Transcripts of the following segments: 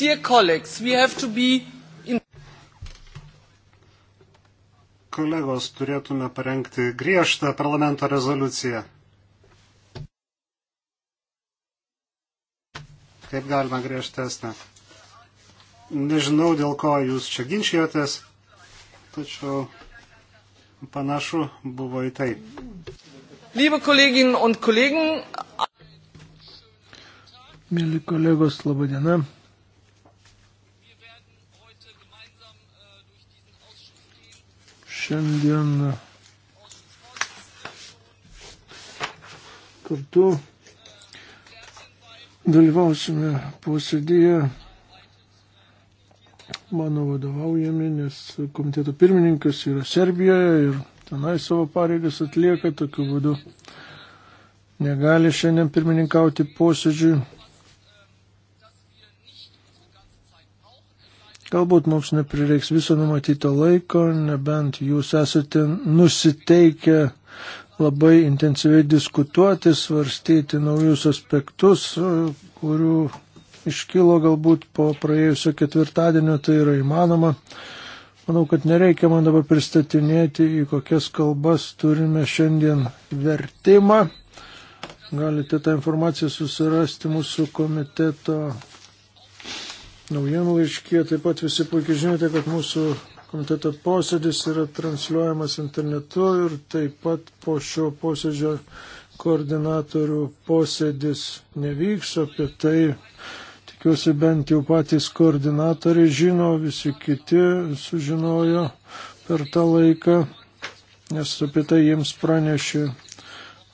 Dear colleagues, we have to be in... Kolegos, turėtume parengti griežtą parlamento rezoliuciją. Kaip galima griežtesnę? Nežinau, dėl ko jūs čia ginčijotės, tačiau panašu buvo į tai. Liebe Kolleginnen und Kollegen, Mėly kolegos, laba diena. Šiandien kartu dalyvausime posėdėje mano vadovaujami, nes komiteto pirmininkas yra Serbijoje ir tenai savo pareigas atlieka, tokiu būdu negali šiandien pirmininkauti posėdžiui. Galbūt mums neprireiks viso numatyto laiko, nebent jūs esate nusiteikę labai intensyviai diskutuoti, svarstyti naujus aspektus, kurių iškilo galbūt po praėjusio ketvirtadienio, tai yra įmanoma. Manau, kad nereikia man dabar pristatinėti, į kokias kalbas turime šiandien vertimą. Galite tą informaciją susirasti mūsų komiteto naujienų laiškė. Taip pat visi puikiai žinote, kad mūsų komiteto posėdis yra transliuojamas internetu ir taip pat po šio posėdžio koordinatorių posėdis nevyks. Apie tai tikiuosi bent jau patys koordinatoriai žino, visi kiti sužinojo per tą laiką, nes apie tai jiems pranešė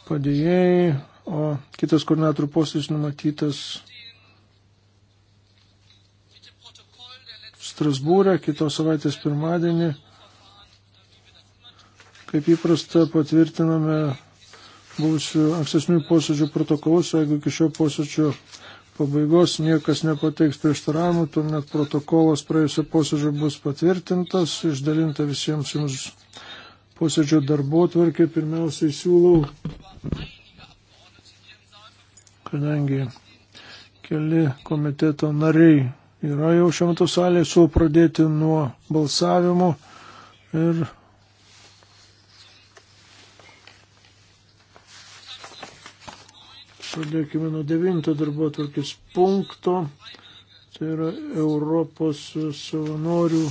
padėjėjai, o kitas koordinatorių posėdis numatytas Strasbūrę kitos savaitės pirmadienį. Kaip įprasta, patvirtiname buvusių ankstesnių posėdžių protokolus, jeigu iki šio posėdžio pabaigos niekas nepateiks prieštaravimų, tuomet protokolas praėjusio posėdžio bus patvirtintas, išdalinta visiems jums posėdžio darbo tvarkė. Pirmiausiai siūlau, kadangi keli komiteto nariai yra jau šiuo metu salėje, siūlau pradėti nuo balsavimo ir pradėkime nuo devinto darbo atvarkės punkto, tai yra Europos savanorių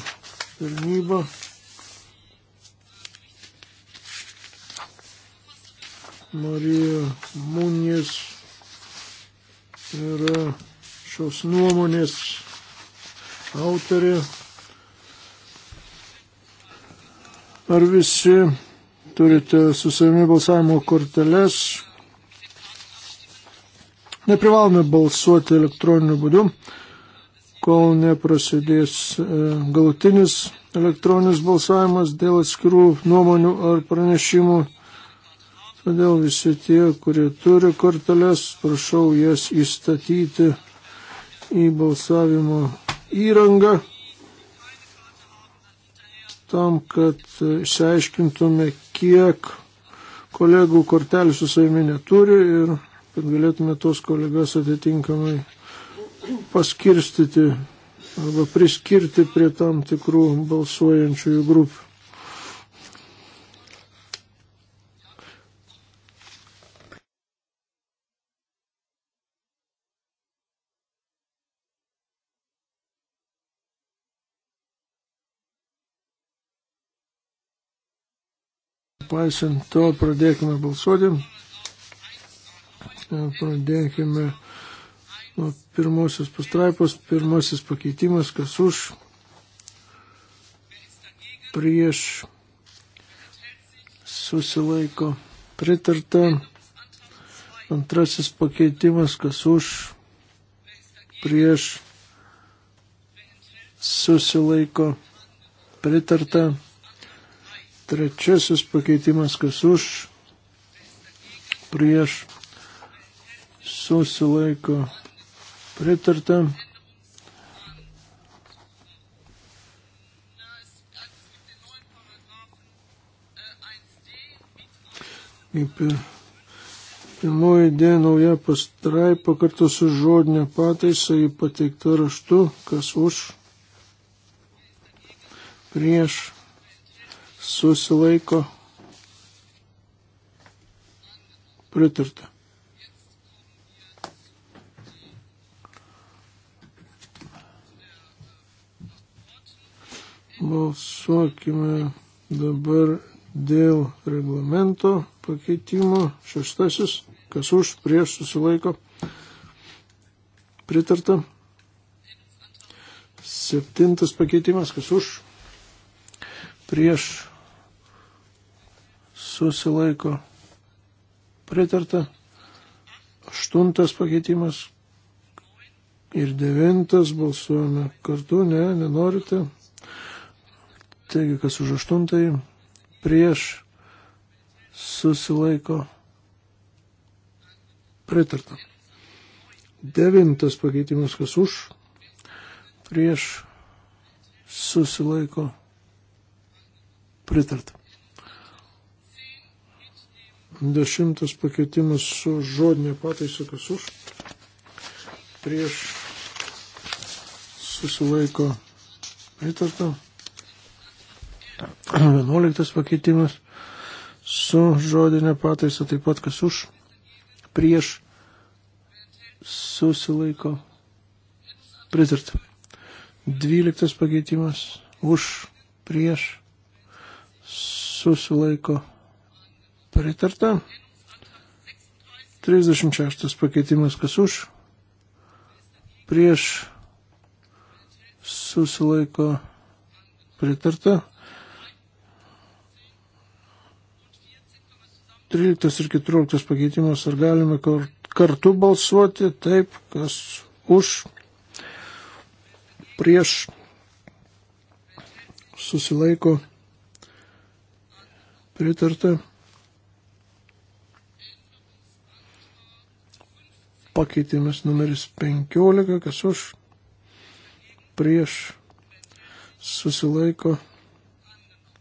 tarnyba. Marija Munės yra šios nuomonės autorė. Ar visi turite su savimi balsavimo korteles? Neprivalome balsuoti elektroniniu būdu, kol neprasidės e, galutinis elektroninis balsavimas dėl atskirų nuomonių ar pranešimų. Todėl visi tie, kurie turi korteles, prašau jas įstatyti į balsavimo įrangą tam, kad išsiaiškintume, kiek kolegų kortelių su savimi neturi ir kad galėtume tos kolegas atitinkamai paskirstyti arba priskirti prie tam tikrų balsuojančiųjų grupių. Nepaisant to, pradėkime balsuoti. E, pradėkime nuo pirmosios pastraipos, pirmasis pakeitimas, kas už, prieš, susilaiko pritarta. Antrasis pakeitimas, kas už, prieš, susilaiko pritarta. Trečiasis pakeitimas, kas už, prieš, susilaiko pritarta. Kaip ir pirmoji idėja nauja pastraipa kartu su žodinė pataisa į pateiktą raštu, kas už, prieš, susilaiko pritarta. Balsuokime dabar dėl reglamento pakeitimo. Šeštasis, kas už, prieš susilaiko. Pritarta. Septintas pakeitimas, kas už, prieš susilaiko pritarta. Aštuntas pakeitimas ir devintas balsuojame kartu, ne, nenorite. Taigi, kas už aštuntąjį prieš susilaiko pritarta. Devintas pakeitimas, kas už prieš susilaiko pritarta. Dešimtas pakeitimas su žodinė pataisa, kas už, prieš susilaiko pritarta. Vienuoliktas pakeitimas su žodinė pataisa, taip pat kas už, prieš susilaiko pritarta. Dvyliktas pakeitimas už, prieš susilaiko pritarta Pritarta. 36 pakeitimas kas už. Prieš susilaiko pritarta. 13 ir 14 pakeitimas ar galime kartu balsuoti taip, kas už, prieš susilaiko pritarta. Pakeitimas numeris 15, kas už, prieš, susilaiko,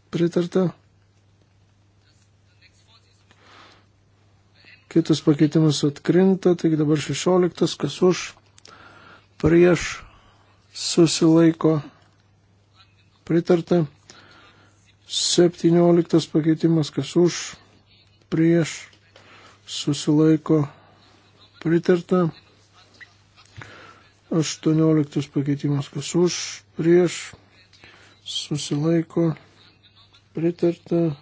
pritarta. Kitas pakeitimas atkrinta, taigi dabar 16, kas už, prieš, susilaiko, pritarta. 17 pakeitimas, kas už, prieš, susilaiko, pritarta pritarta. 18 pakeitimas kas už, prieš, susilaiko, pritarta.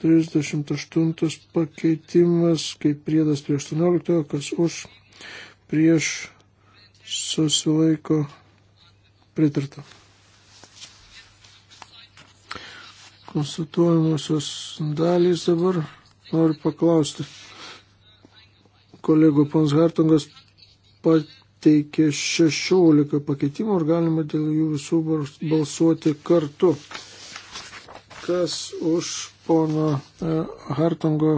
38 pakeitimas, kaip priedas prie 18, kas už, prieš, susilaiko, pritarta. konstatuojamosios dalys dabar noriu paklausti. Kolegų Pons Hartungas pateikė 16 pakeitimų ir galima dėl jų visų balsuoti kartu. Kas už pono e, Hartungo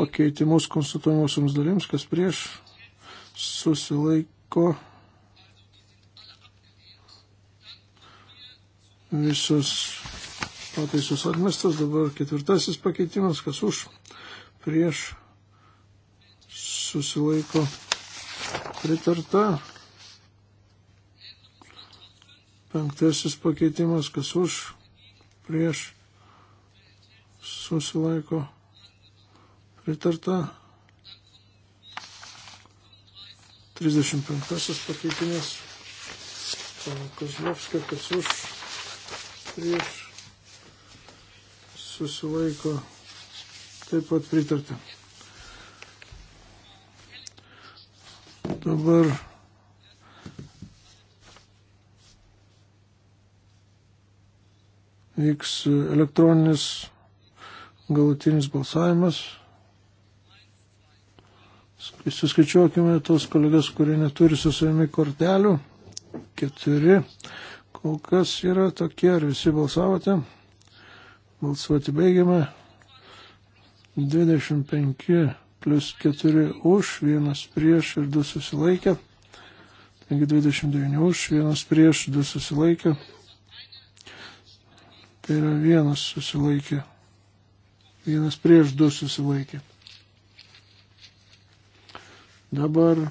pakeitimus konstatuojamosioms dalims, kas prieš susilaiko visos pataisus atmestas, dabar ketvirtasis pakeitimas, kas už, prieš, susilaiko pritarta. Penktasis pakeitimas, kas už, prieš, susilaiko pritarta. 35 pakeitimas. Kozlovskio, kas už, prieš, susilaiko taip pat pritarta. Dabar vyks elektroninis galutinis balsavimas. Suskaičiuokime tos kolegas, kurie neturi su savimi kortelių. Keturi. Kol kas yra tokie, ar visi balsavote? Balsuoti baigiame. 25 plus 4 už, 1 prieš ir 2 susilaikė. Taigi 29 už, 1 prieš, 2 susilaikė. Tai yra 1 susilaikė. 1 prieš, 2 susilaikė. Dabar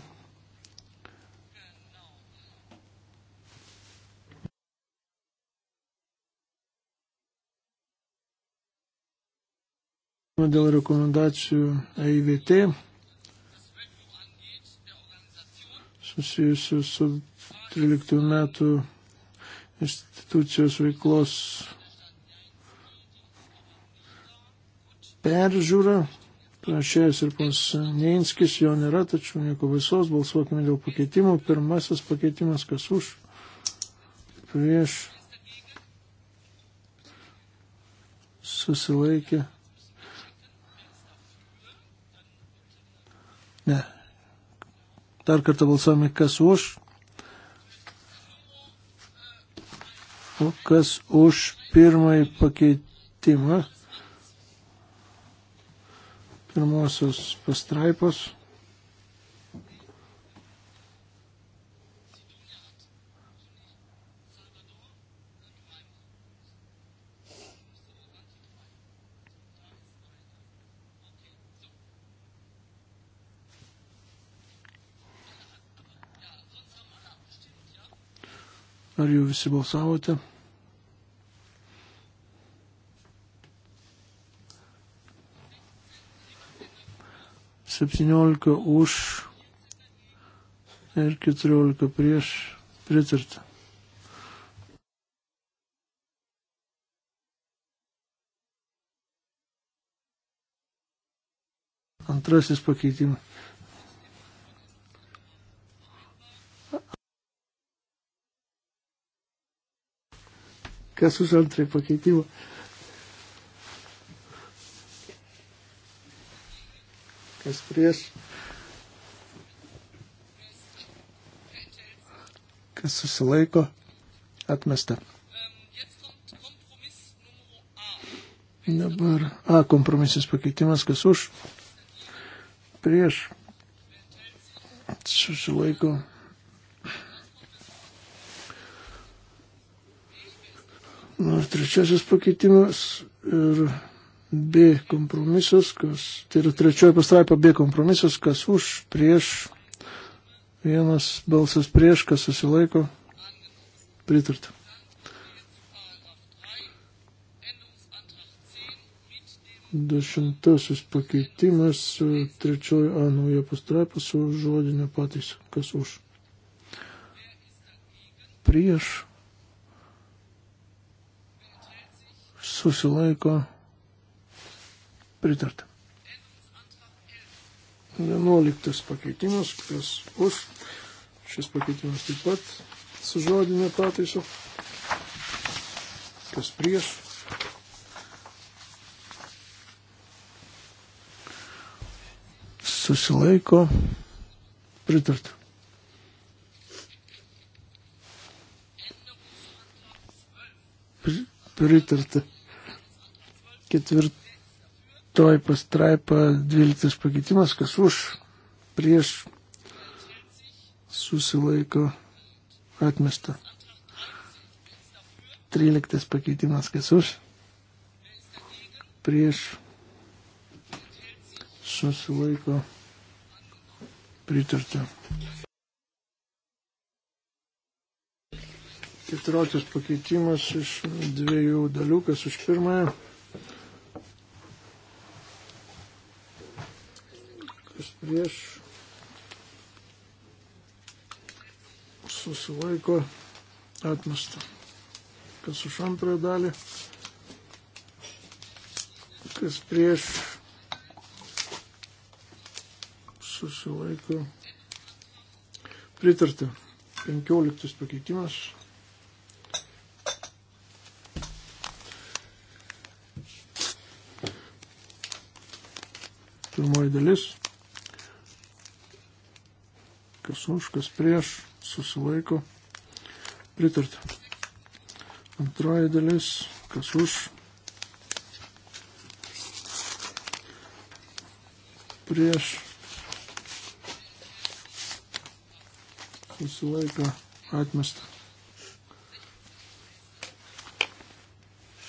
klausimą dėl rekomendacijų EIVT susijusių su 13 metų institucijos veiklos peržiūra. Pranešėjas ir pons Neinskis jo nėra, tačiau nieko baisaus, balsuokime dėl pakeitimų. Pirmasis pakeitimas, kas už, prieš, susilaikė, Ne. Dar kartą balsuojame, kas už. O kas už pirmąjį pakeitimą pirmosios pastraipos. Ar jau visi balsavote? Septyniolika už ir keturiolika prieš pritartą. Antrasis pakeitimas. Kas už antrąjį pakeitimą? Kas prieš? Kas susilaiko? Atmesta. Dabar A kompromisas pakeitimas, kas už, prieš, susilaiko, Trečiasis pakeitimas ir B kompromisas, kas, tai yra trečioji pastraipa B kompromisas, kas už, prieš, vienas balsas prieš, kas susilaiko, pritarta. Dešimtasis pakeitimas, trečioji A nauja pastraipa su žodinė pataisa, kas už, prieš, susilaiko pritarta. 11 pakeitimas, kas už. Šis pakeitimas taip pat su žodinė pataisu. Kas prieš. Susilaiko pritarta. Pritarta. Ketvirtoji pastraipa, dvyliktas pakeitimas, kas už, prieš, susilaiko, atmesta. Tryliktas pakeitimas, kas už, prieš, susilaiko, pritarta. keturiotis pakeitimas iš dviejų dalių, kas už pirmąją, kas prieš susilaiko atmesta. Kas už antrąją dalį, kas prieš susilaiko pritarta. 15 pakeitimas. Pirmoji dalis kas už, kas prieš, susilaiko, pritarta. Antroji dalis, kas už, prieš, susilaiko, atmesta.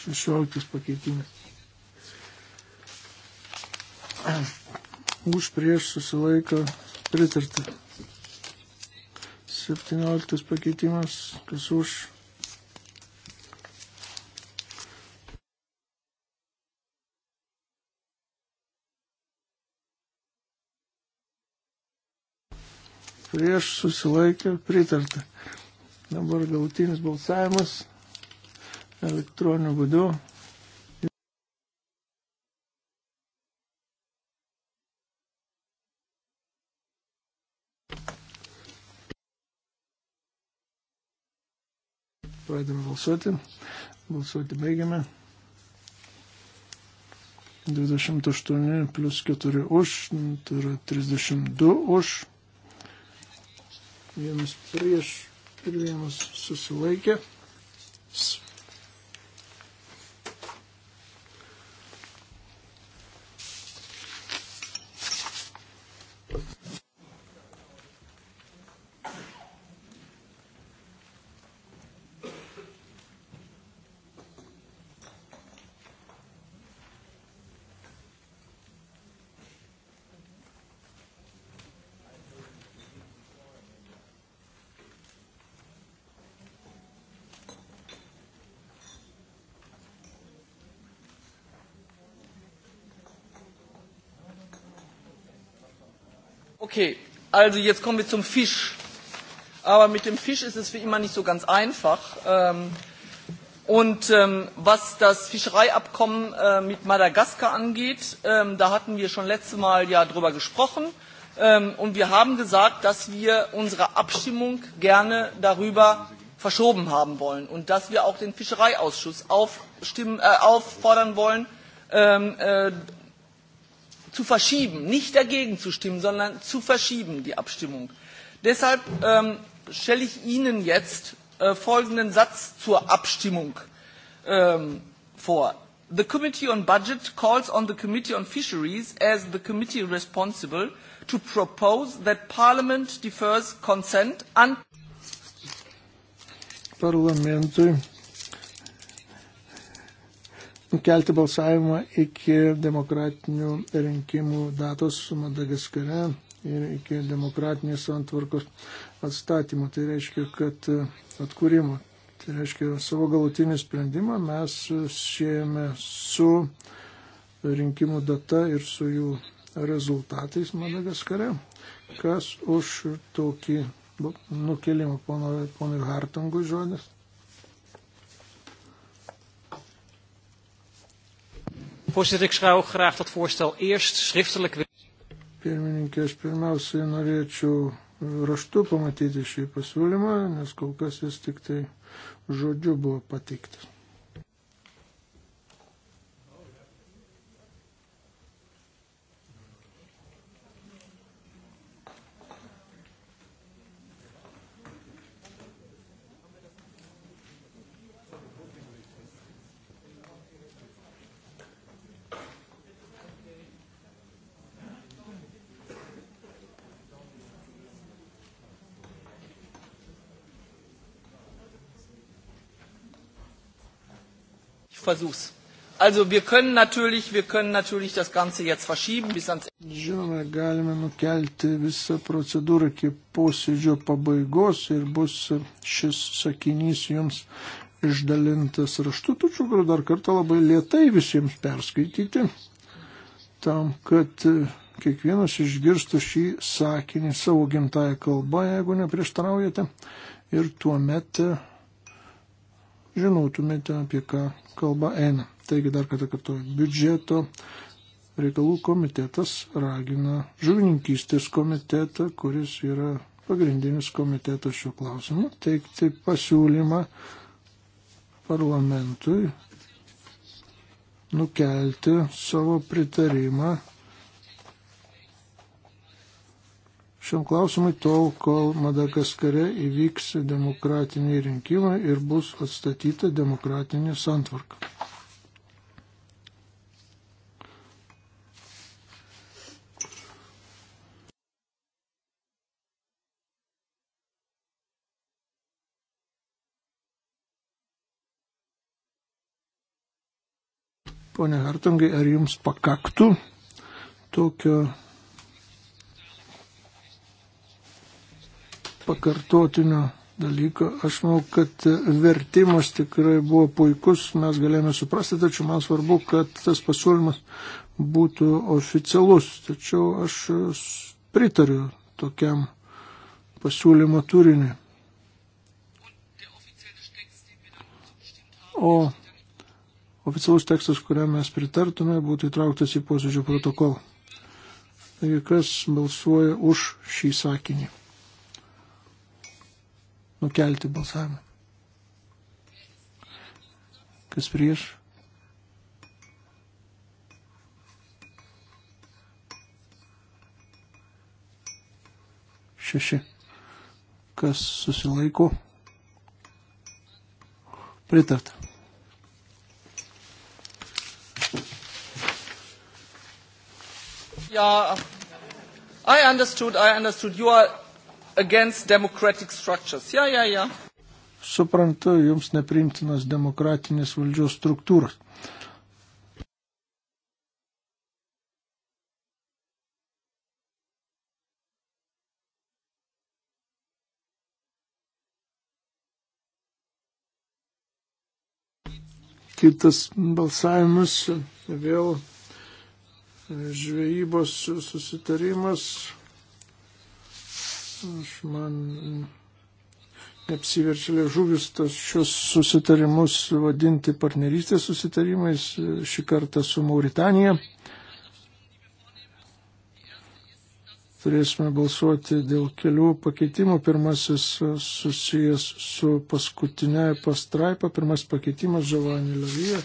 16 pakeitimas. Už prieš susilaiką pritartą. 17 pakeitimas, kas už. Prieš susilaikė, pritarta. Dabar galutinis balsavimas elektroniniu būdu. pradedame balsuoti. Balsuoti baigiame. 28 plus 4 už, tai yra 32 už, vienas prieš ir vienas susilaikė. Okay, also jetzt kommen wir zum Fisch. Aber mit dem Fisch ist es wie immer nicht so ganz einfach. Ähm, und ähm, was das Fischereiabkommen äh, mit Madagaskar angeht, ähm, da hatten wir schon letztes Mal ja drüber gesprochen. Ähm, und wir haben gesagt, dass wir unsere Abstimmung gerne darüber verschoben haben wollen und dass wir auch den Fischereiausschuss aufstimmen, äh, auffordern wollen, ähm, äh, zu verschieben, nicht dagegen zu stimmen, sondern zu verschieben, die Abstimmung. Deshalb ähm, stelle ich Ihnen jetzt äh, folgenden Satz zur Abstimmung ähm, vor. The Committee on Budget calls on the Committee on Fisheries as the committee responsible to propose that Parliament defers consent and Parlamentui nukelti balsavimą iki demokratinių rinkimų datos Madagaskare ir iki demokratinės santvarkos atstatymo. Tai reiškia, kad e, atkūrimo. Tai reiškia, savo galutinį sprendimą mes siejame su rinkimų data ir su jų rezultatais Madagaskare. Kas už tokį nukelimą ponui Hartangui žodis? Voorzitter, ik zou graag dat voorstel eerst schriftelijk willen. Pirmininkė, aš pirmiausiai norėčiau raštu pamatyti šį pasiūlymą, nes kol kas jis tik tai žodžiu buvo pateiktas. Versuchs. Also wir können natürlich, wir können natürlich das Ganze jetzt verschieben bis ans Žinoma, galime nukelti visą procedūrą iki posėdžio pabaigos ir bus šis sakinys jums išdalintas raštu, tačiau galiu dar kartą labai lietai visiems perskaityti, tam, kad kiekvienas išgirstų šį sakinį savo gimtają kalbą, jeigu neprieštaraujate, ir tuomet žinotumėte, apie ką kalba eina. Taigi dar kartą kartuoju, biudžeto reikalų komitetas ragina žuvininkystės komitetą, kuris yra pagrindinis komitetas šiuo klausimu, teikti pasiūlymą parlamentui nukelti savo pritarimą šiam klausimui tol, kol Madagaskare įvyks demokratiniai rinkimai ir bus atstatyta demokratinė santvarka. Pone Hartangai, ar jums pakaktų tokio pakartotinio dalyko. Aš manau, kad vertimas tikrai buvo puikus, mes galėjome suprasti, tačiau man svarbu, kad tas pasiūlymas būtų oficialus. Tačiau aš pritariu tokiam pasiūlymo turiniui. O oficialus tekstas, kuriam mes pritartume, būtų įtrauktas į posėdžio protokolą. Taigi kas balsuoja už šį sakinį? nukelti balsavimą. Kas prieš? Šeši. Kas susilaiko? Pritarta. Ja, I understood, I understood. You are against democratic structures. Yeah, yeah, yeah. Suprantu, jums neprimtinas demokratinės valdžios struktūros. Kitas balsavimas vėl žvejybos susitarimas Aš man neapsiverčia liežuvis tas šios susitarimus vadinti partnerystės susitarimais, šį kartą su Mauritanija. Turėsime balsuoti dėl kelių pakeitimų. Pirmasis susijęs su paskutinėje pastraipa. Pirmas pakeitimas Žovanė Levyje.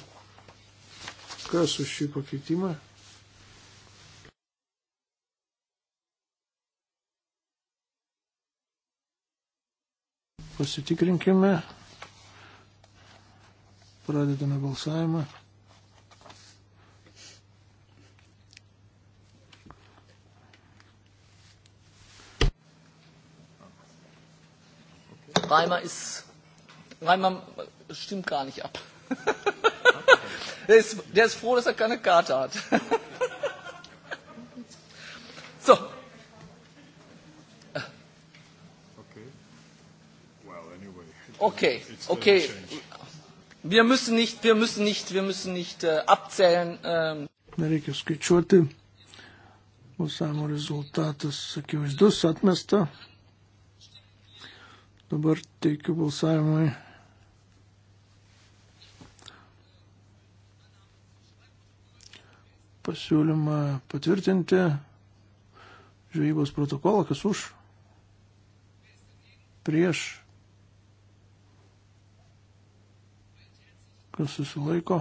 Kas už šį pakeitimą? Pasitikrinkime. Pradedame balsavimą. Reimer ist. Reimer stimmt gar nicht ab. der, ist, der ist froh, dass er keine Karte hat. so, Okay, okay. Wir müssen nicht, wir müssen nicht, wir müssen nicht äh, abzählen. Ähm. Nereikia skaičiuoti. Balsavimo rezultatas akivaizdus, atmesta. Dabar teikiu balsavimui. Pasiūlymą patvirtinti žvejybos protokolą, kas už, prieš kas susilaiko.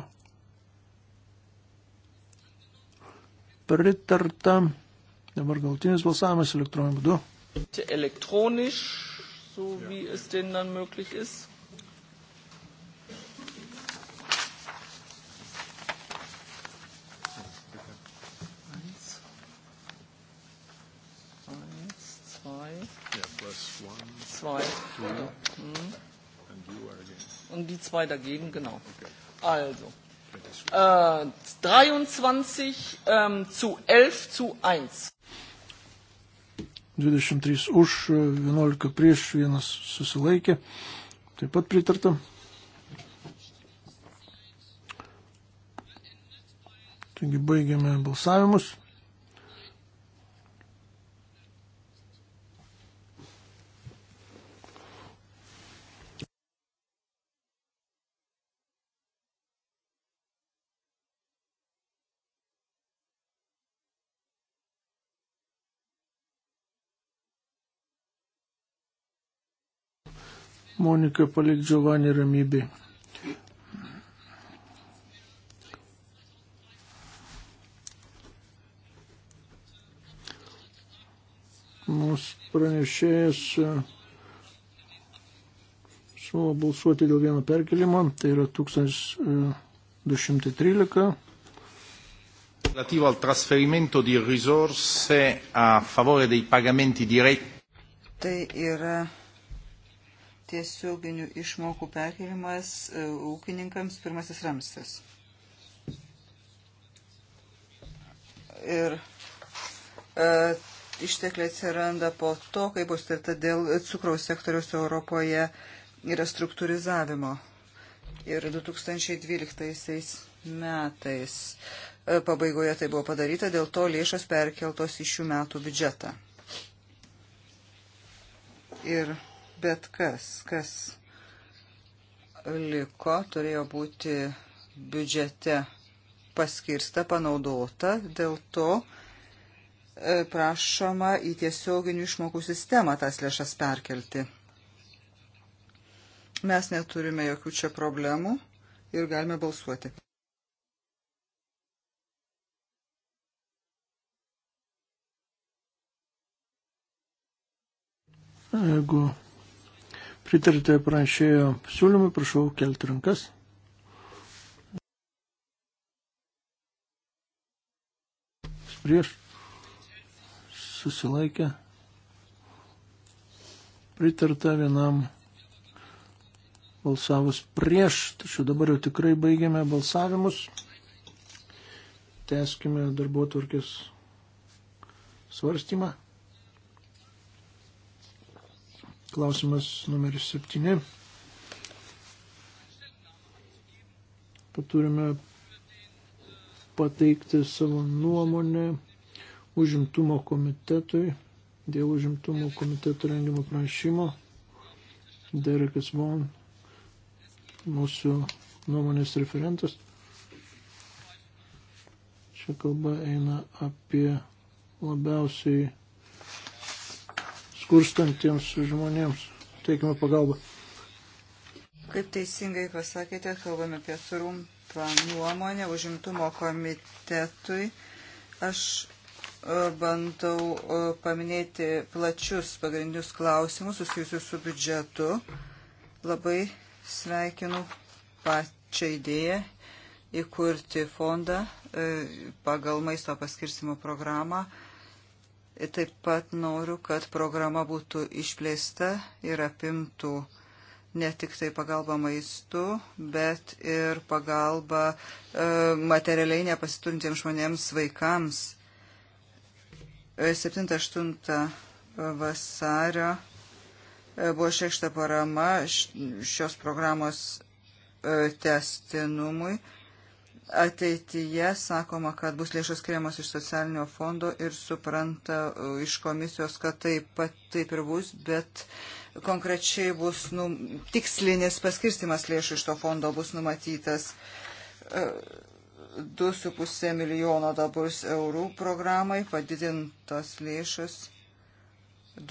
Pritarta. Dabar galtinis balsavimas elektroniniu būdu. Elektroniš, so wie es denn dann möglich ist. Eins, zwei. Ja, plus one. Zwei. Three. Mhm. Und die zwei dagegen, genau. Also. Äh, 23 ähm, zu 11 zu 1. 23 už, 11 prieš, 1 susilaikė. Taip pat pritarta. Taigi baigiame balsavimus. Monika palik Giovanni ramybė. Mūsų pranešėjas uh, siūlo balsuoti dėl vieno perkelimo, tai yra 1213. Uh, Relativo al trasferimento di risorse a favore dei pagamenti diretti. Tai yra tiesioginių išmokų perkelimas e, ūkininkams pirmasis ramstis. Ir e, ištekliai atsiranda po to, kai bus tarta dėl cukraus sektoriaus Europoje yra struktūrizavimo. Ir 2012 metais e, pabaigoje tai buvo padaryta, dėl to lėšos perkeltos į šių metų biudžetą. Ir bet kas, kas liko, turėjo būti biudžete paskirsta, panaudota, dėl to e, prašoma į tiesioginių išmokų sistemą tas lėšas perkelti. Mes neturime jokių čia problemų ir galime balsuoti. Jeigu pritarite pranešėjo siūlymui, prašau kelti rankas. Prieš susilaikę pritarta vienam balsavus prieš, tačiau dabar jau tikrai baigiame balsavimus. Teskime darbo tvarkės svarstymą. Klausimas numeris 7. Paturime pateikti savo nuomonę užimtumo komitetui dėl užimtumo komiteto rengimo prašymo. Derekas Von, mūsų nuomonės referentas. Čia kalba eina apie labiausiai skurstantiems žmonėms teikime pagalbą. Kaip teisingai pasakėte, kalbame apie trumpą nuomonę užimtumo komitetui. Aš e, bandau e, paminėti plačius pagrindinius klausimus susijusius su biudžetu. Labai sveikinu pačią idėją įkurti fondą e, pagal maisto paskirstimo programą. Taip pat noriu, kad programa būtų išplėsta ir apimtų ne tik tai pagalba maistu, bet ir pagalba e, materialiai nepasiturintiems žmonėms vaikams. 7-8 e, vasario e, buvo šešta parama šios programos e, testinumui. E, Ateityje sakoma, kad bus lėšos skiriamos iš socialinio fondo ir supranta uh, iš komisijos, kad taip pat taip ir bus, bet konkrečiai bus nu, tikslinis paskirstimas lėšų iš to fondo bus numatytas. 2,5 uh, milijono dabar eurų programai padidintos lėšos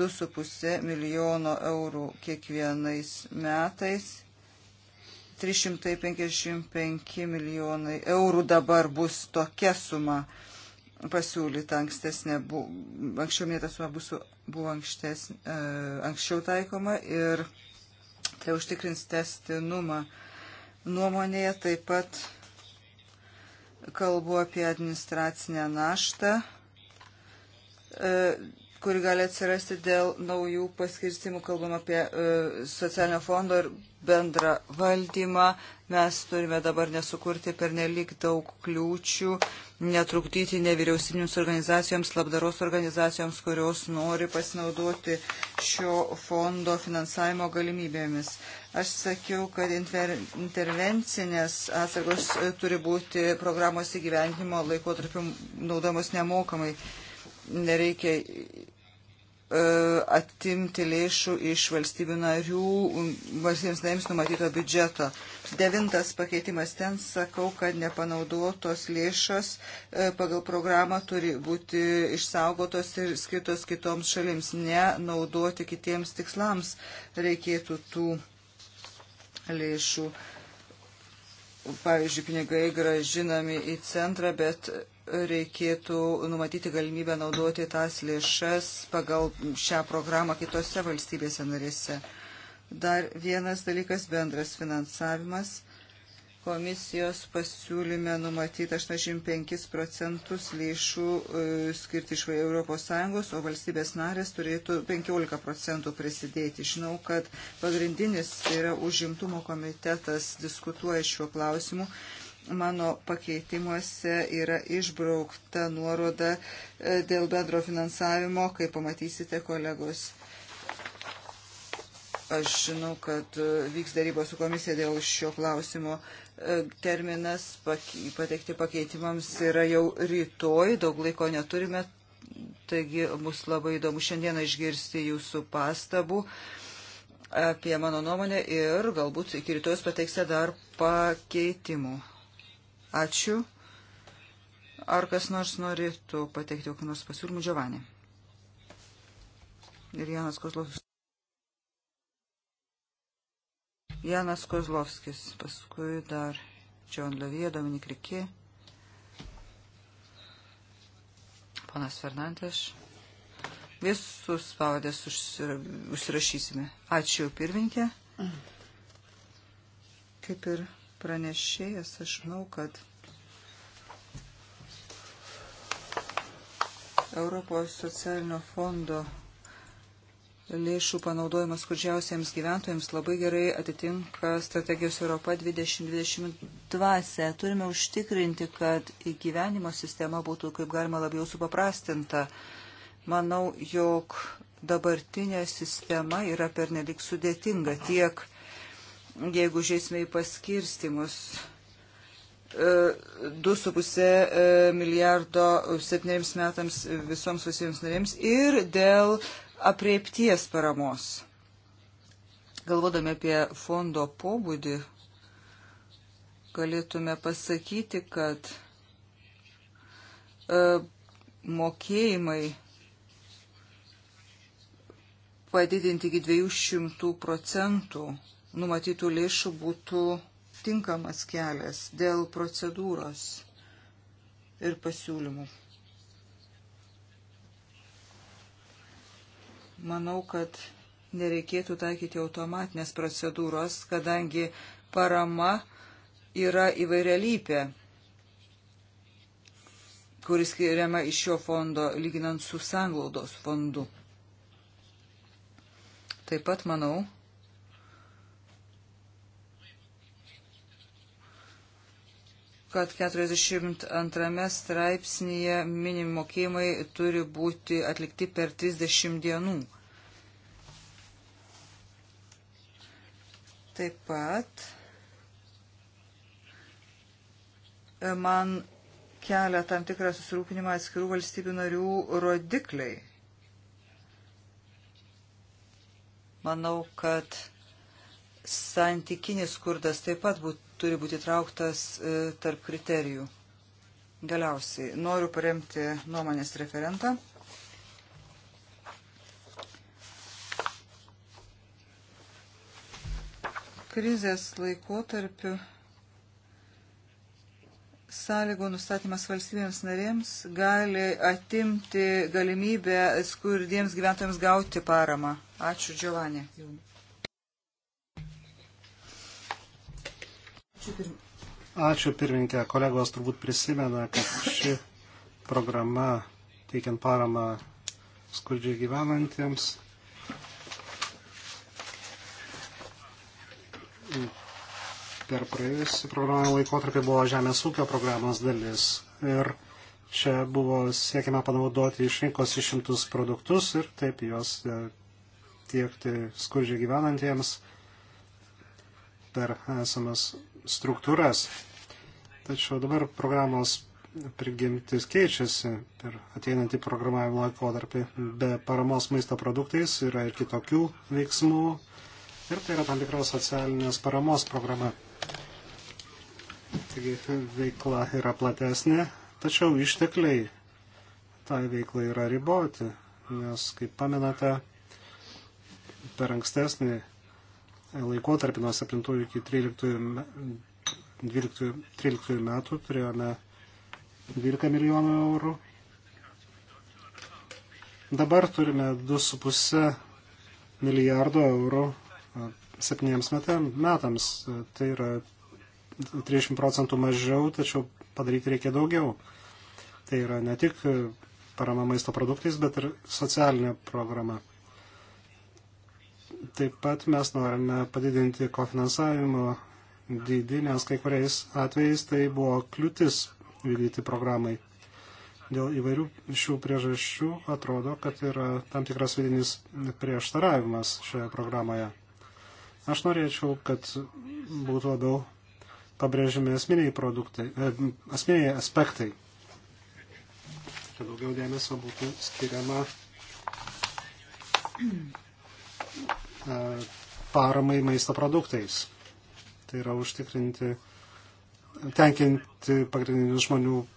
2,5 milijono eurų kiekvienais metais 355 milijonai eurų dabar bus tokia suma pasiūlyta ankstesnė, bu, anksčiau minėta suma bus, buvo ankštesnė, e, anksčiau taikoma ir tai užtikrins testinumą. Nuomonėje taip pat kalbu apie administracinę naštą. E, kuri gali atsirasti dėl naujų paskirstimų, kalbam apie e, socialinio fondo ir bendrą valdymą. Mes turime dabar nesukurti per nelik daug kliūčių, netrukdyti nevyriausybinėms organizacijoms, labdaros organizacijoms, kurios nori pasinaudoti šio fondo finansavimo galimybėmis. Aš sakiau, kad intervencinės atsargos e, turi būti programos įgyvendinimo laikotarpiu naudamos nemokamai nereikia e, atimti lėšų iš valstybių narių, um, valstybėms narėms numatyto biudžeto. Devintas pakeitimas ten sakau, kad nepanaudotos lėšos e, pagal programą turi būti išsaugotos ir skirtos kitoms šalims, nenaudoti kitiems tikslams reikėtų tų lėšų. Pavyzdžiui, pinigai gražinami į centrą, bet reikėtų numatyti galimybę naudoti tas lėšas pagal šią programą kitose valstybėse narėse. Dar vienas dalykas - bendras finansavimas. Komisijos pasiūlyme numatyta 85 procentus lėšų e, skirti iš ES, o valstybės narės turėtų 15 procentų prisidėti. Žinau, kad pagrindinis tai yra užimtumo komitetas diskutuoja šiuo klausimu Mano pakeitimuose yra išbraukta nuoroda e, dėl bendro finansavimo, kaip pamatysite kolegos. Aš žinau, kad e, vyks darybos su komisija dėl šio klausimo. E, terminas pateikti pakeitimams yra jau rytoj, daug laiko neturime, taigi bus labai įdomu šiandieną išgirsti jūsų pastabų apie mano nuomonę ir galbūt iki rytojus pateiksite dar pakeitimų. Ačiū. Ar kas nors norėtų pateikti kokį nors pasiūlymų Džiovanį? Ir Janas Kozlovskis. Janas Kozlovskis, paskui dar Džion Levija, Dominik Rikė, panas Fernandes. Visus pavadės užsira, užsirašysime. Ačiū pirminkė. Kaip ir pranešėjas, aš žinau, kad Europos socialinio fondo lėšų panaudojimas skurdžiausiems gyventojams labai gerai atitinka strategijos Europa 2020 dvasę. Turime užtikrinti, kad įgyvenimo sistema būtų kaip galima labiau supaprastinta. Manau, jog dabartinė sistema yra pernelik sudėtinga tiek jeigu žiūrėsime į paskirstimus. 2,5 e, e, milijardo septyneriems metams visoms valstybėms narėms ir dėl apriepties paramos. Galvodami apie fondo pobūdį, galėtume pasakyti, kad e, mokėjimai padidinti iki 200 procentų numatytų lėšų būtų tinkamas kelias dėl procedūros ir pasiūlymų. Manau, kad nereikėtų taikyti automatinės procedūros, kadangi parama yra įvairialypė, kuris skiriama iš šio fondo lyginant su sanglaudos fondu. Taip pat manau, kad 42 straipsnėje minimi mokėjimai turi būti atlikti per 30 dienų. Taip pat e, man kelia tam tikrą susirūpinimą atskirų valstybių narių rodikliai. Manau, kad santykinis skurdas taip pat būt, turi būti trauktas e, tarp kriterijų. Galiausiai noriu paremti nuomonės referentą. Krizės laikotarpiu sąlygų nustatymas valstybėms narėms gali atimti galimybę skurdiems gyventojams gauti paramą. Ačiū, Giovanni. Jums. Ačiū pirmininkė. Kolegos turbūt prisimena, kad ši programa teikiant paramą skurdžiai gyvenantiems per praėjusį programą laikotarpį buvo žemės ūkio programos dalis. Ir čia buvo siekiama panaudoti iš rinkos išimtus produktus ir taip juos e, tiekti skurdžiai gyvenantiems per esamas struktūras. Tačiau dabar programos prigimtis keičiasi per ateinantį programavimo laikotarpį. Be paramos maisto produktais yra ir kitokių veiksmų ir tai yra tam tikros socialinės paramos programa. Taigi veikla yra platesnė, tačiau ištekliai tai veiklai yra riboti, nes, kaip pamenate, per ankstesnį laikotarpį nuo 7 iki 13, 12, 13 metų turėjome 12 milijonų eurų. Dabar turime 2,5 milijardo eurų septyniems metams. Tai yra 30 procentų mažiau, tačiau padaryti reikia daugiau. Tai yra ne tik parama maisto produktais, bet ir socialinė programa. Taip pat mes norime padidinti kofinansavimo dydį, nes kai kuriais atvejais tai buvo kliūtis vykdyti programai. Dėl įvairių šių priežasčių atrodo, kad yra tam tikras vidinis prieštaravimas šioje programoje. Aš norėčiau, kad būtų labiau pabrėžimi asmeniai, produktai, asmeniai e, aspektai. Kad daugiau dėmesio būtų skiriama E, paramai maisto produktais. Tai yra užtikrinti, tenkinti pagrindinius žmonių e,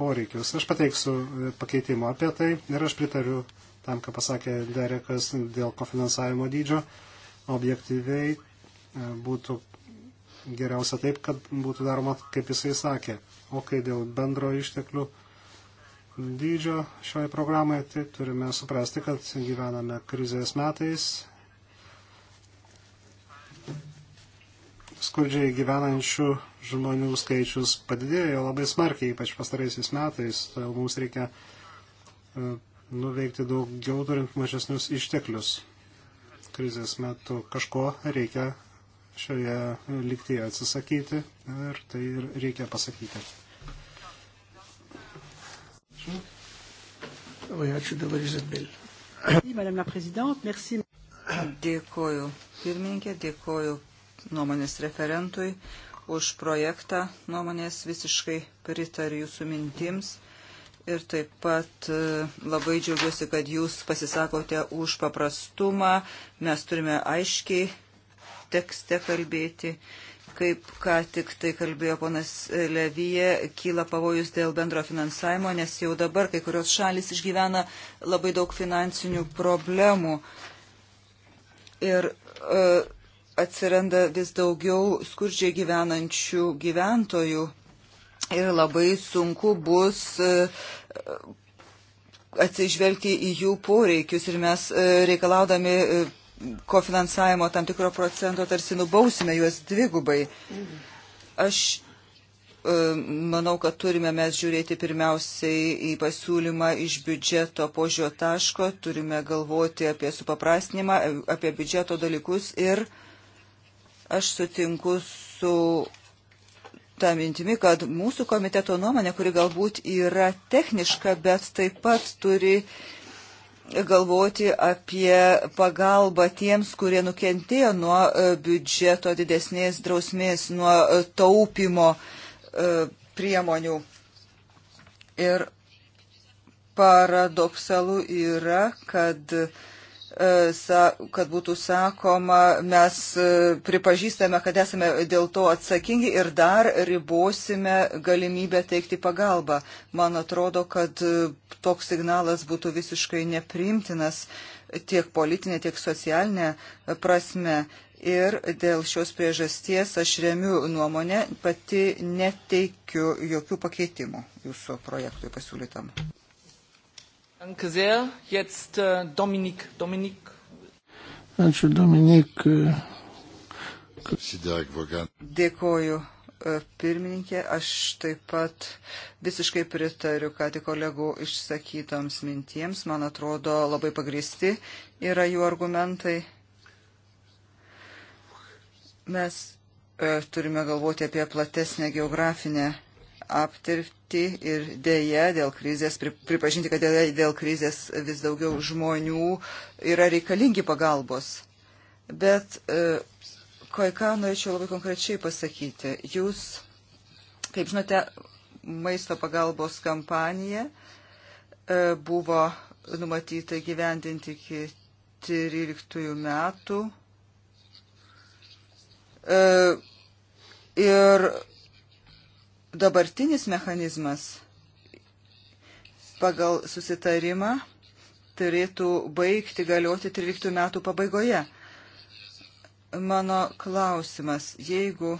poreikius. Aš pateiksiu pakeitimo apie tai ir aš pritariu tam, ką pasakė Derekas dėl kofinansavimo dydžio. Objektyviai e, būtų geriausia taip, kad būtų daroma, kaip jisai sakė. O kai dėl bendro išteklių dydžio šioje programoje, tai turime suprasti, kad gyvename krizės metais skurdžiai gyvenančių žmonių skaičius padidėjo labai smarkiai, ypač pastaraisiais metais. Tai mums reikia e, nuveikti daugiau turint mažesnius išteklius krizės metu. Kažko reikia šioje lygtyje atsisakyti ir tai ir reikia pasakyti. Labai ačiū dėl Izabel. Dėkoju pirmininkė, dėkoju nuomonės referentui už projektą nuomonės. Visiškai pritariu jūsų mintims. Ir taip pat e, labai džiaugiuosi, kad jūs pasisakote už paprastumą. Mes turime aiškiai tekste kalbėti kaip ką tik tai kalbėjo ponas Levyje, kyla pavojus dėl bendro finansavimo, nes jau dabar kai kurios šalis išgyvena labai daug finansinių problemų. Ir uh, atsiranda vis daugiau skurdžiai gyvenančių gyventojų ir labai sunku bus e, atsižvelgti į jų poreikius ir mes e, reikalaudami e, kofinansavimo tam tikro procento tarsi nubausime juos dvigubai. Aš manau, kad turime mes žiūrėti pirmiausiai į pasiūlymą iš biudžeto požio taško, turime galvoti apie supaprastinimą, apie biudžeto dalykus ir uh, Aš sutinku su tą mintimi, kad mūsų komiteto nuomonė, kuri galbūt yra techniška, bet taip pat turi galvoti apie pagalbą tiems, kurie nukentėjo nuo e, biudžeto didesnės drausmės, nuo e, taupimo e, priemonių. Ir paradoksalu yra, kad uh, E, kad būtų sakoma, mes e, pripažįstame, kad esame dėl to atsakingi ir dar ribosime galimybę teikti pagalbą. Man atrodo, kad e, toks signalas būtų visiškai neprimtinas tiek politinė, tiek socialinė prasme. Ir dėl šios priežasties aš remiu nuomonę, pati neteikiu jokių pakeitimų jūsų projektui pasiūlytam. Danke sehr. Jetzt Dominik. Äh, Dominik. Ačiū, Dominik. Dėkoju, e, pirmininkė. Aš taip pat visiškai pritariu, ką tik kolegų išsakytoms mintiems. Man atrodo, labai pagristi yra jų argumentai. Mes e, turime galvoti apie platesnę geografinę aptir, pripažinti ir dėja dėl krizės, pripažinti, kad dėja dėl krizės vis daugiau žmonių yra reikalingi pagalbos. Bet e, kai ką norėčiau labai konkrečiai pasakyti. Jūs, kaip žinote, maisto pagalbos kampanija e, buvo numatyta gyvendinti iki 13 metų. E, ir dabartinis mechanizmas pagal susitarimą turėtų baigti galioti 13 metų pabaigoje. Mano klausimas, jeigu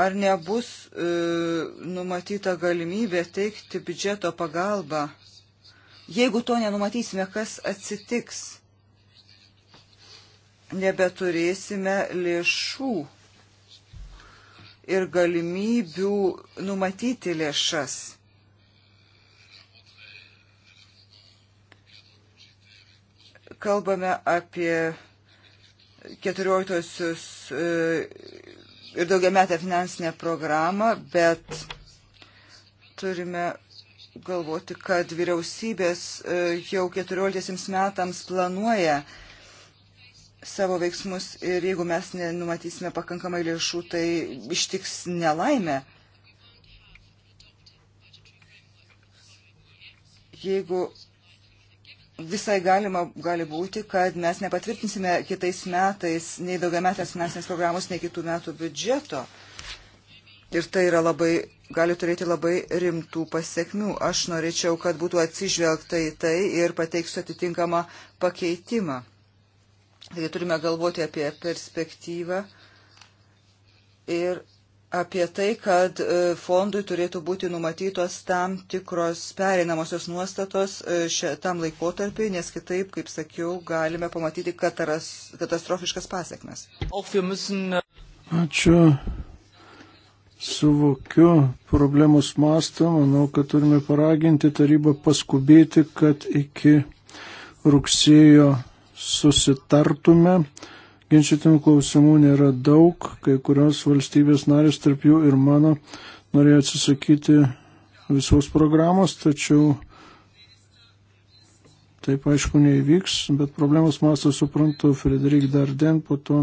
ar nebus e, numatyta galimybė teikti biudžeto pagalbą, jeigu to nenumatysime, kas atsitiks? Nebeturėsime lėšų ir galimybių numatyti lėšas. Kalbame apie 14-osius e, ir daugiametę finansinę programą, bet turime galvoti, kad vyriausybės e, jau 14 metams planuoja savo veiksmus ir jeigu mes nenumatysime pakankamai lėšų, tai ištiks nelaimė. Jeigu visai galima gali būti, kad mes nepatvirtinsime kitais metais nei daugiametės finansinės programos, nei kitų metų biudžeto. Ir tai yra labai, gali turėti labai rimtų pasiekmių. Aš norėčiau, kad būtų atsižvelgta į tai ir pateiksiu atitinkamą pakeitimą. Taigi turime galvoti apie perspektyvą ir apie tai, kad e, fondui turėtų būti numatytos tam tikros pereinamosios nuostatos e, tam laikotarpiai, nes kitaip, kaip sakiau, galime pamatyti kataras, katastrofiškas pasiekmes. Äh, Ačiū. Suvokiu problemos mastą, manau, kad turime paraginti tarybą paskubėti, kad iki rugsėjo susitartume. Ginčytinų klausimų nėra daug, kai kurios valstybės narės, tarp jų ir mano, norėjo atsisakyti visos programos, tačiau taip aišku neįvyks, bet problemos mastą suprantu Frederik Darden, po to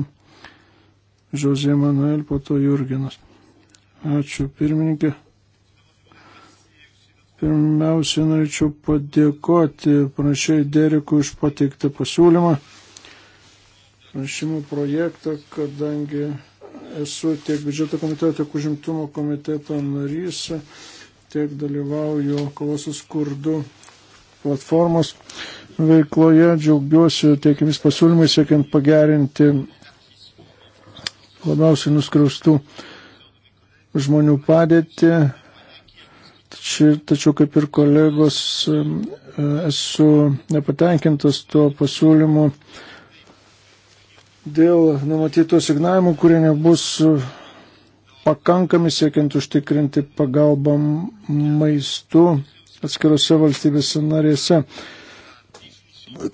Jose Manuel, po to Jurginas. Ačiū pirmininkė. Pirmiausia, norėčiau padėkoti panašiai Derikui už pateiktą pasiūlymą, pranešimų projektą, kadangi esu tiek biudžeto komiteto, tiek užimtumo komiteto narys, tiek dalyvauju kovos su skurdu platformos veikloje. Džiaugiuosi tiekiamis pasiūlymais, siekiant pagerinti labiausiai nuskriaustų žmonių padėtį čia, tačiau kaip ir kolegos e, esu nepatenkintas tuo pasiūlymu dėl numatytų asignavimų, kurie nebus pakankami siekiant užtikrinti pagalbą maistu atskirose valstybėse narėse.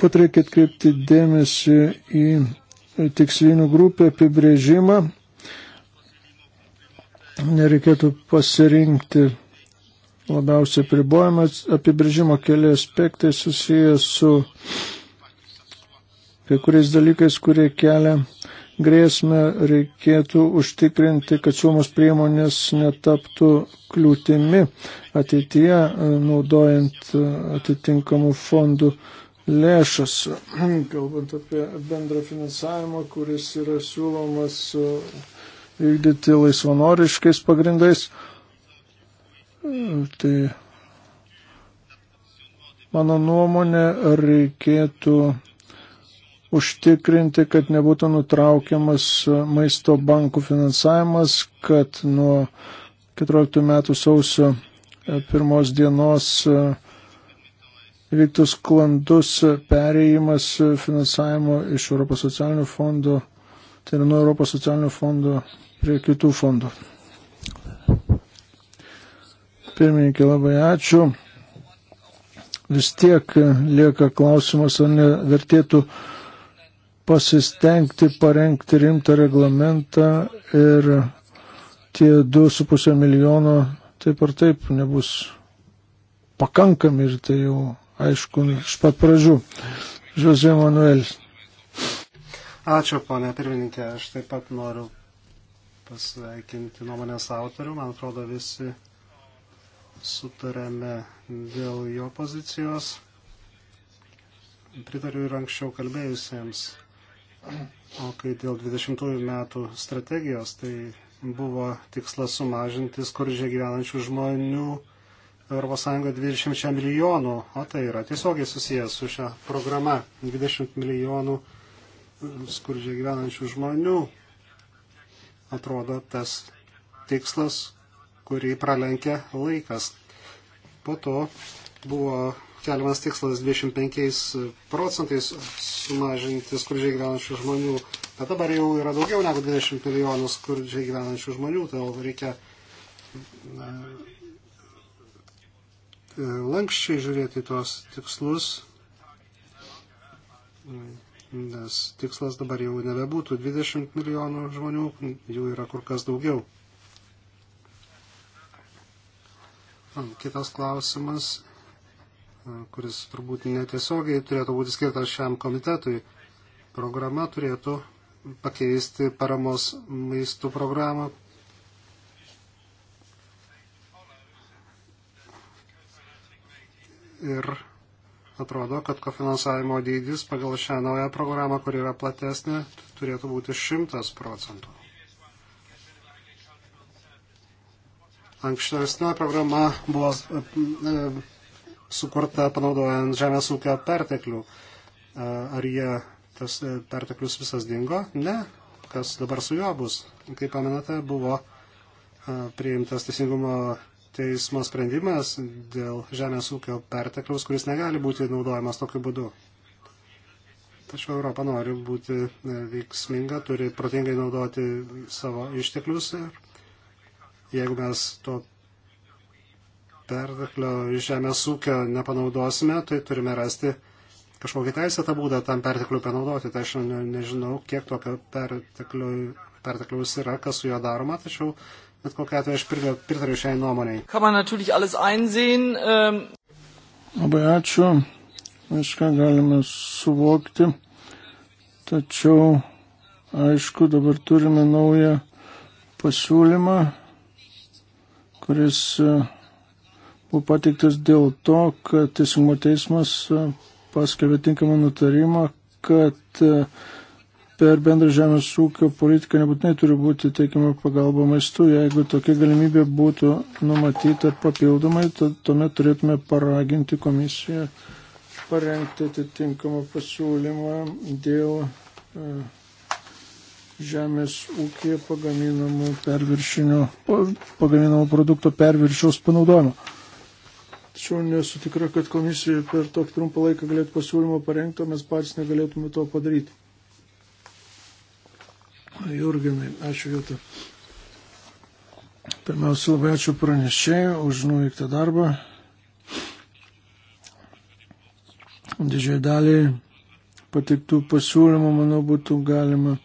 Pat reikia atkreipti dėmesį į tikslinių grupę apibrėžimą. Nereikėtų pasirinkti labiausiai pribojamas apibrėžimo keli aspektai susijęs su kai kuriais dalykais, kurie kelia grėsmę, reikėtų užtikrinti, kad siūlomos priemonės netaptų kliūtimi ateityje, naudojant atitinkamų fondų lėšas. Kalbant apie bendrą finansavimą, kuris yra siūlomas vykdyti laisvanoriškais pagrindais, Mm, tai mano nuomonė reikėtų užtikrinti, kad nebūtų nutraukiamas maisto bankų finansavimas, kad nuo 14 metų sausio e, pirmos dienos e, vyktų sklandus perėjimas finansavimo iš Europos socialinių fondų, tai yra nuo Europos socialinių fondų prie kitų fondų. Pirmininkė, labai ačiū. Vis tiek lieka klausimas, ar nevertėtų pasistengti parengti rimtą reglamentą ir tie 2,5 milijono taip ar taip nebus pakankami ir tai jau aišku iš pat pradžių. Žozė Manuelis. Ačiū, ponė pirmininkė. Aš taip pat noriu pasveikinti nuomonės autorių. Man atrodo, visi sutarėme dėl jo pozicijos. Pritariu ir anksčiau kalbėjusiems. O kai dėl 20 metų strategijos, tai buvo tikslas sumažinti skurdžiai gyvenančių žmonių ES 20 milijonų, o tai yra tiesiogiai susijęs su šia programa 20 milijonų skurdžiai gyvenančių žmonių. Atrodo, tas tikslas, kurį pralenkė laikas. Po to buvo keliamas tikslas 25 procentais sumažinti skurdžiai gyvenančių žmonių, bet dabar jau yra daugiau negu 20 milijonų skurdžiai gyvenančių žmonių, todėl tai reikia lankščiai žiūrėti tuos tikslus, nes tikslas dabar jau nebebūtų 20 milijonų žmonių, jų yra kur kas daugiau. Kitas klausimas, kuris turbūt netiesiogiai turėtų būti skirtas šiam komitetui. Programa turėtų pakeisti paramos maistų programą. Ir atrodo, kad kofinansavimo dydis pagal šią naują programą, kur yra platesnė, turėtų būti 100 procentų. Anksčiausia programa buvo e, sukurta panaudojant žemės ūkio perteklių. E, ar jie tas e, perteklius visas dingo? Ne. Kas dabar su juo bus? Kaip pamenate, buvo priimtas teisingumo teismo sprendimas dėl žemės ūkio pertekliaus, kuris negali būti naudojamas tokiu būdu. Tačiau Europa nori būti veiksminga, turi protingai naudoti savo išteklius ir jeigu mes to perteklio iš žemės ūkio nepanaudosime, tai turime rasti kažkokį teisėtą būdą tam pertekliu panaudoti. Tai aš ne, nežinau, kiek tokio pertekliaus yra, kas su juo daroma, tačiau bet kokia atveju aš pritariu šiai nuomoniai. Ähm. Labai ačiū, viską galime suvokti, tačiau aišku, dabar turime naują pasiūlymą kuris e, buvo pateiktas dėl to, kad Teisingumo teismas e, paskelbė tinkamą nutarimą, kad e, per bendrą žemės ūkio politiką nebūtinai turi būti teikiama pagalba maistu. Jeigu tokia galimybė būtų numatyta papildomai, tuomet turėtume paraginti komisiją parengti atitinkamą pasiūlymą dėl žemės ūkį pagaminamų, pagaminamų produktų perviršiaus panaudojimo. Tačiau nesu tikra, kad komisija per tokį trumpą laiką galėtų pasiūlymą parengti, o mes patys negalėtume to padaryti. Jurginai, ačiū Jūta. Pirmiausia, labai ačiū pranešėjai už nuveiktą darbą. Didžiai daliai pateiktų pasiūlymų, manau, būtų galima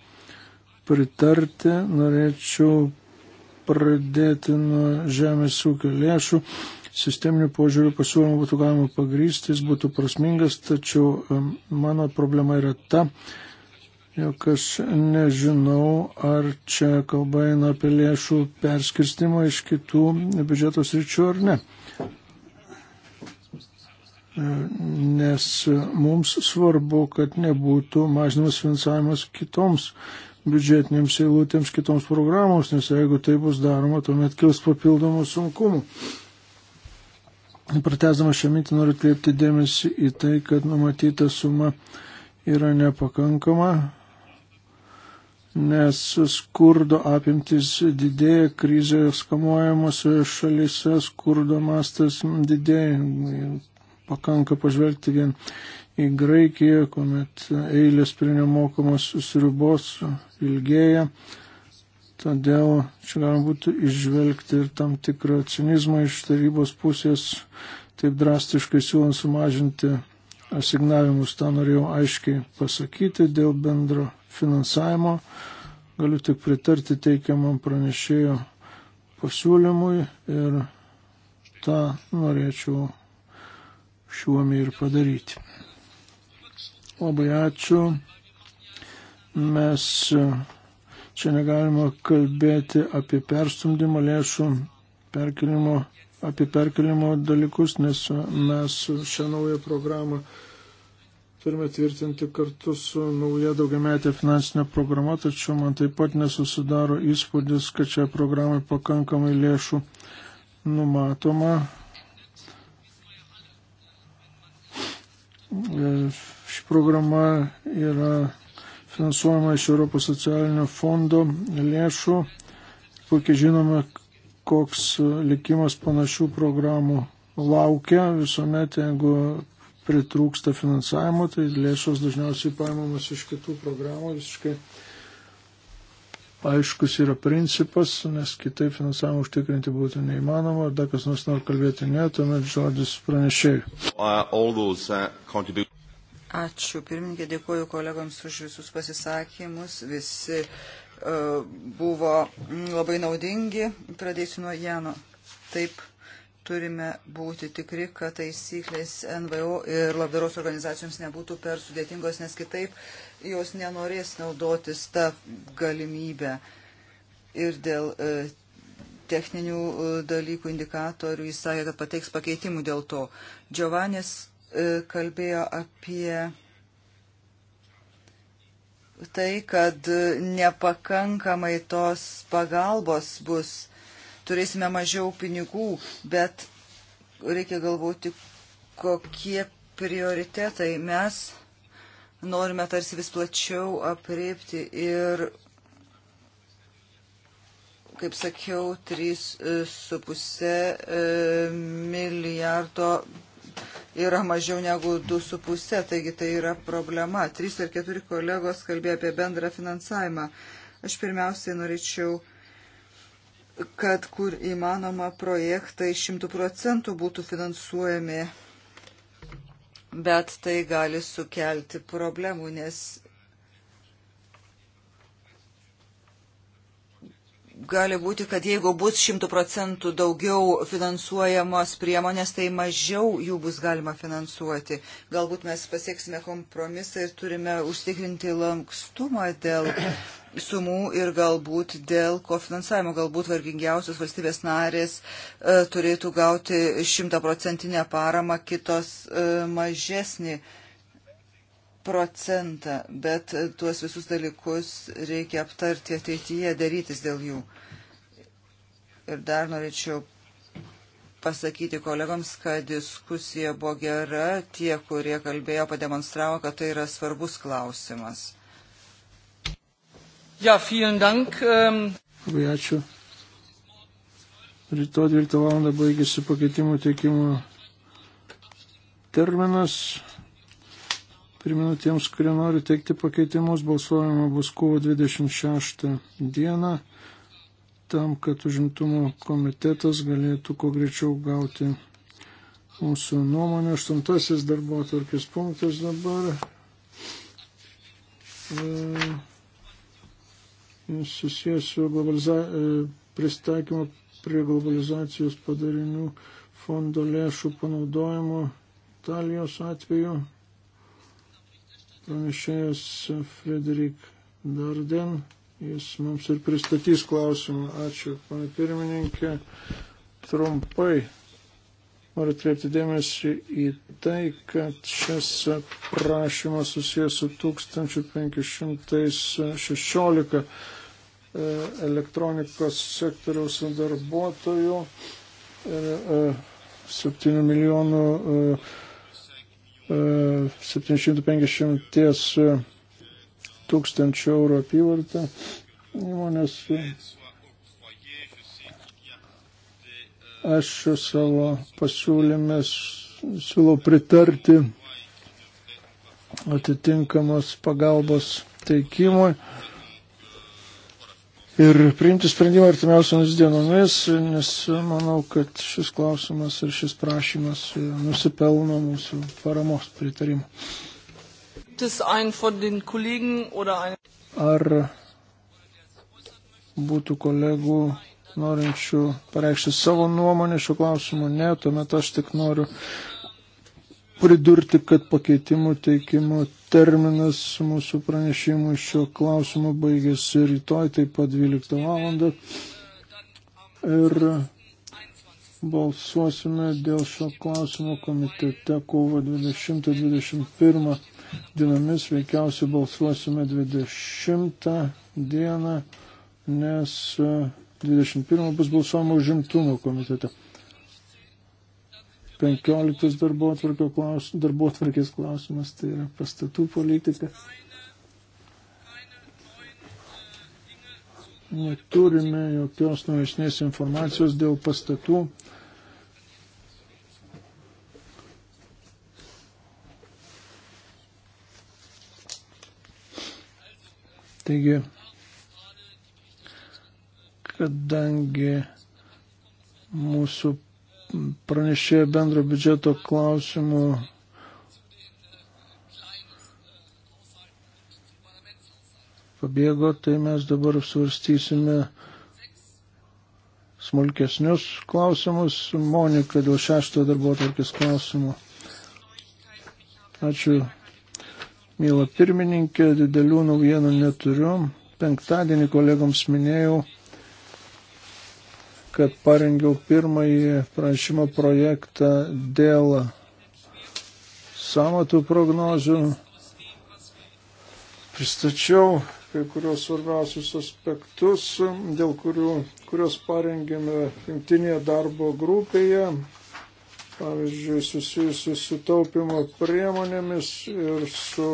pritarti. Norėčiau pradėti nuo žemės ūkio lėšų. Sisteminių požiūrių pasiūlymų būtų galima pagrysti, jis būtų prasmingas, tačiau mano problema yra ta, jog aš nežinau, ar čia kalba eina apie lėšų perskirstimą iš kitų biudžeto sričių ar ne. E, nes mums svarbu, kad nebūtų mažinamas finansavimas kitoms biudžetinėms eilutėms kitoms programoms, nes jeigu tai bus daroma, tuomet kils papildomų sunkumų. Pratesdama šią mintį noriu atkreipti dėmesį į tai, kad numatyta suma yra nepakankama, nes skurdo apimtis didėja, krizės kamuojamosios šalyse skurdo mastas didėja. Pakanka pažvelgti vien į Graikiją, kuomet eilės prie nemokamos sriubos ilgėja. Todėl čia galima būtų išvelgti ir tam tikrą cinizmą iš tarybos pusės, taip drastiškai siūlant sumažinti asignavimus. Ta norėjau aiškiai pasakyti dėl bendro finansavimo. Galiu tik pritarti teikiamam pranešėjo pasiūlymui ir tą norėčiau šiuomi ir padaryti. Labai ačiū. Mes e, čia negalima kalbėti apie perstumdymo lėšų perkelimo, apie perkelimo dalykus, nes mes šią naują programą turime tvirtinti kartu su nauja daugiametė finansinė programa, tačiau man taip pat nesusidaro įspūdis, kad čia programai pakankamai lėšų numatoma. E, Ši programa yra finansuojama iš Europos socialinio fondo lėšų. Puikiai žinome, koks likimas panašių programų laukia visuomet, jeigu pritrūksta finansavimo, tai lėšos dažniausiai paimamas iš kitų programų, visiškai aiškus yra principas, nes kitaip finansavimą užtikrinti būtų neįmanoma, ar dar kas nors nori kalbėti, ne, tuomet žodis pranešėjai. Ačiū pirmininkė, dėkuoju kolegoms už visus pasisakymus. Visi uh, buvo mm, labai naudingi. Pradėsiu nuo Jano. Taip, turime būti tikri, kad taisyklės NVO ir labdaros organizacijoms nebūtų per sudėtingos, nes kitaip jos nenorės naudotis tą galimybę. Ir dėl uh, techninių e, dalykų indikatorių, jis sakė, kad pateiks pakeitimų dėl to. Giovanis E, kalbėjo apie tai, kad nepakankamai tos pagalbos bus, turėsime mažiau pinigų, bet reikia galvoti, kokie prioritetai mes norime tarsi vis plačiau apriepti ir, kaip sakiau, 3,5 e, milijardo yra mažiau negu 2,5, taigi tai yra problema. Trys ar keturi kolegos kalbėjo apie bendrą finansavimą. Aš pirmiausiai norėčiau, kad kur įmanoma projektai šimtų procentų būtų finansuojami, bet tai gali sukelti problemų, nes gali būti, kad jeigu bus šimtų procentų daugiau finansuojamos priemonės, tai mažiau jų bus galima finansuoti. Galbūt mes pasieksime kompromisą ir turime užtikrinti lankstumą dėl sumų ir galbūt dėl kofinansavimo. Galbūt vargingiausios valstybės narės e, turėtų gauti šimtaprocentinę paramą, kitos e, mažesnį. E, procentą, bet tuos visus dalykus reikia aptarti ateityje, darytis dėl jų. Ir dar norėčiau pasakyti kolegoms, kad diskusija buvo gera, tie, kurie kalbėjo, pademonstravo, kad tai yra svarbus klausimas. Ja, vielen dank. Ähm, Labai ačiū. Rytoj 12 val. baigėsi pakeitimų teikimo terminas. Primenu tiems, kurie nori teikti pakeitimus, balsuojama bus kovo 26 dieną, tam, kad užimtumo komitetas galėtų kuo greičiau gauti mūsų nuomonę. Aštuntasis darbo atvarkės punktas dabar. E, susijęs su globaliza... E, pristaikymu prie globalizacijos padarinių fondo lėšų panaudojimu Italijos atveju pranešėjas Frederik Darden. Jis mums ir pristatys klausimą. Ačiū, pana pirmininkė. Trumpai noriu atkreipti dėmesį į tai, kad šis prašymas susijęs su 1516 e, elektronikos sektoriaus darbuotojų ir 7 e, milijonų uh, 750 tūkstančių eurų apyvartą įmonės. Aš savo pasiūlymės siūlau pritarti atitinkamos pagalbos teikimui ir priimti sprendimą artimiausiamis dienomis, nes manau, kad šis klausimas ir šis prašymas nusipelno mūsų paramos pritarimų. Ar būtų kolegų norinčių pareikšti savo nuomonę šiuo klausimu? Ne, tuomet aš tik noriu pridurti, kad pakeitimų teikimo terminas mūsų pranešimų šio klausimu baigėsi rytoj, taip pat 12 val. Ir balsuosime dėl šio klausimo komitete kovo 20-21 dienomis, veikiausiai balsuosime 20 dieną, nes 21 bus balsuojama užimtumo komitete. 15 darbo atvarkės klausimas, tai yra pastatų politika. Neturime jokios naujesnės informacijos dėl pastatų. Taigi, kadangi mūsų pranešėjo bendro biudžeto klausimų pabėgo, tai mes dabar svarstysime smulkesnius klausimus. Monika dėl šešto darbo atvarkės klausimų. Ačiū, mėla pirmininkė, didelių naujienų neturiu. Penktadienį kolegoms minėjau kad parengiau pirmąjį pranešimo projektą dėl samatų prognozių. Pristačiau kai kurios svarbiausius aspektus, dėl kurių, kurios parengėme jungtinėje darbo grupėje, pavyzdžiui, susijusiu su taupimo priemonėmis ir su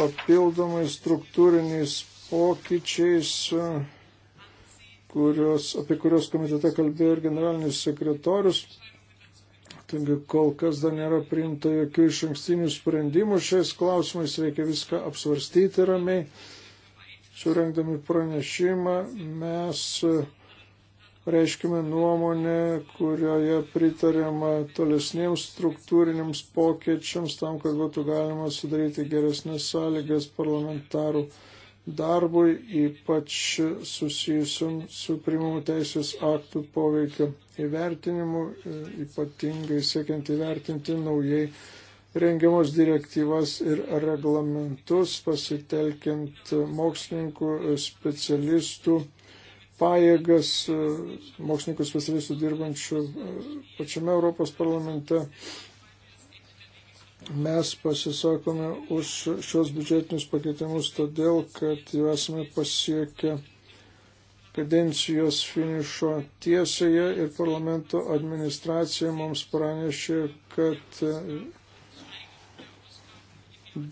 papildomais struktūriniais pokyčiais kurios, apie kurios komitete kalbėjo ir generalinis sekretorius. Taigi kol kas dar nėra priimta jokių iš ankstinių sprendimų šiais klausimais, reikia viską apsvarstyti ramiai. Surengdami pranešimą mes reiškime nuomonę, kurioje pritarėma tolesniems struktūriniams pokyčiams tam, kad būtų galima sudaryti geresnės sąlygas parlamentarų darbui, ypač susijusiam su primamų teisės aktų poveikio įvertinimu, e, ypatingai siekiant įvertinti naujai rengiamos direktyvas ir reglamentus, pasitelkiant mokslininkų specialistų pajėgas, e, mokslininkų specialistų dirbančių e, pačiame Europos parlamente Mes pasisakome už šios biudžetinius pakeitimus todėl, kad jau esame pasiekę kadencijos finišo tiesioje ir parlamento administracija mums pranešė, kad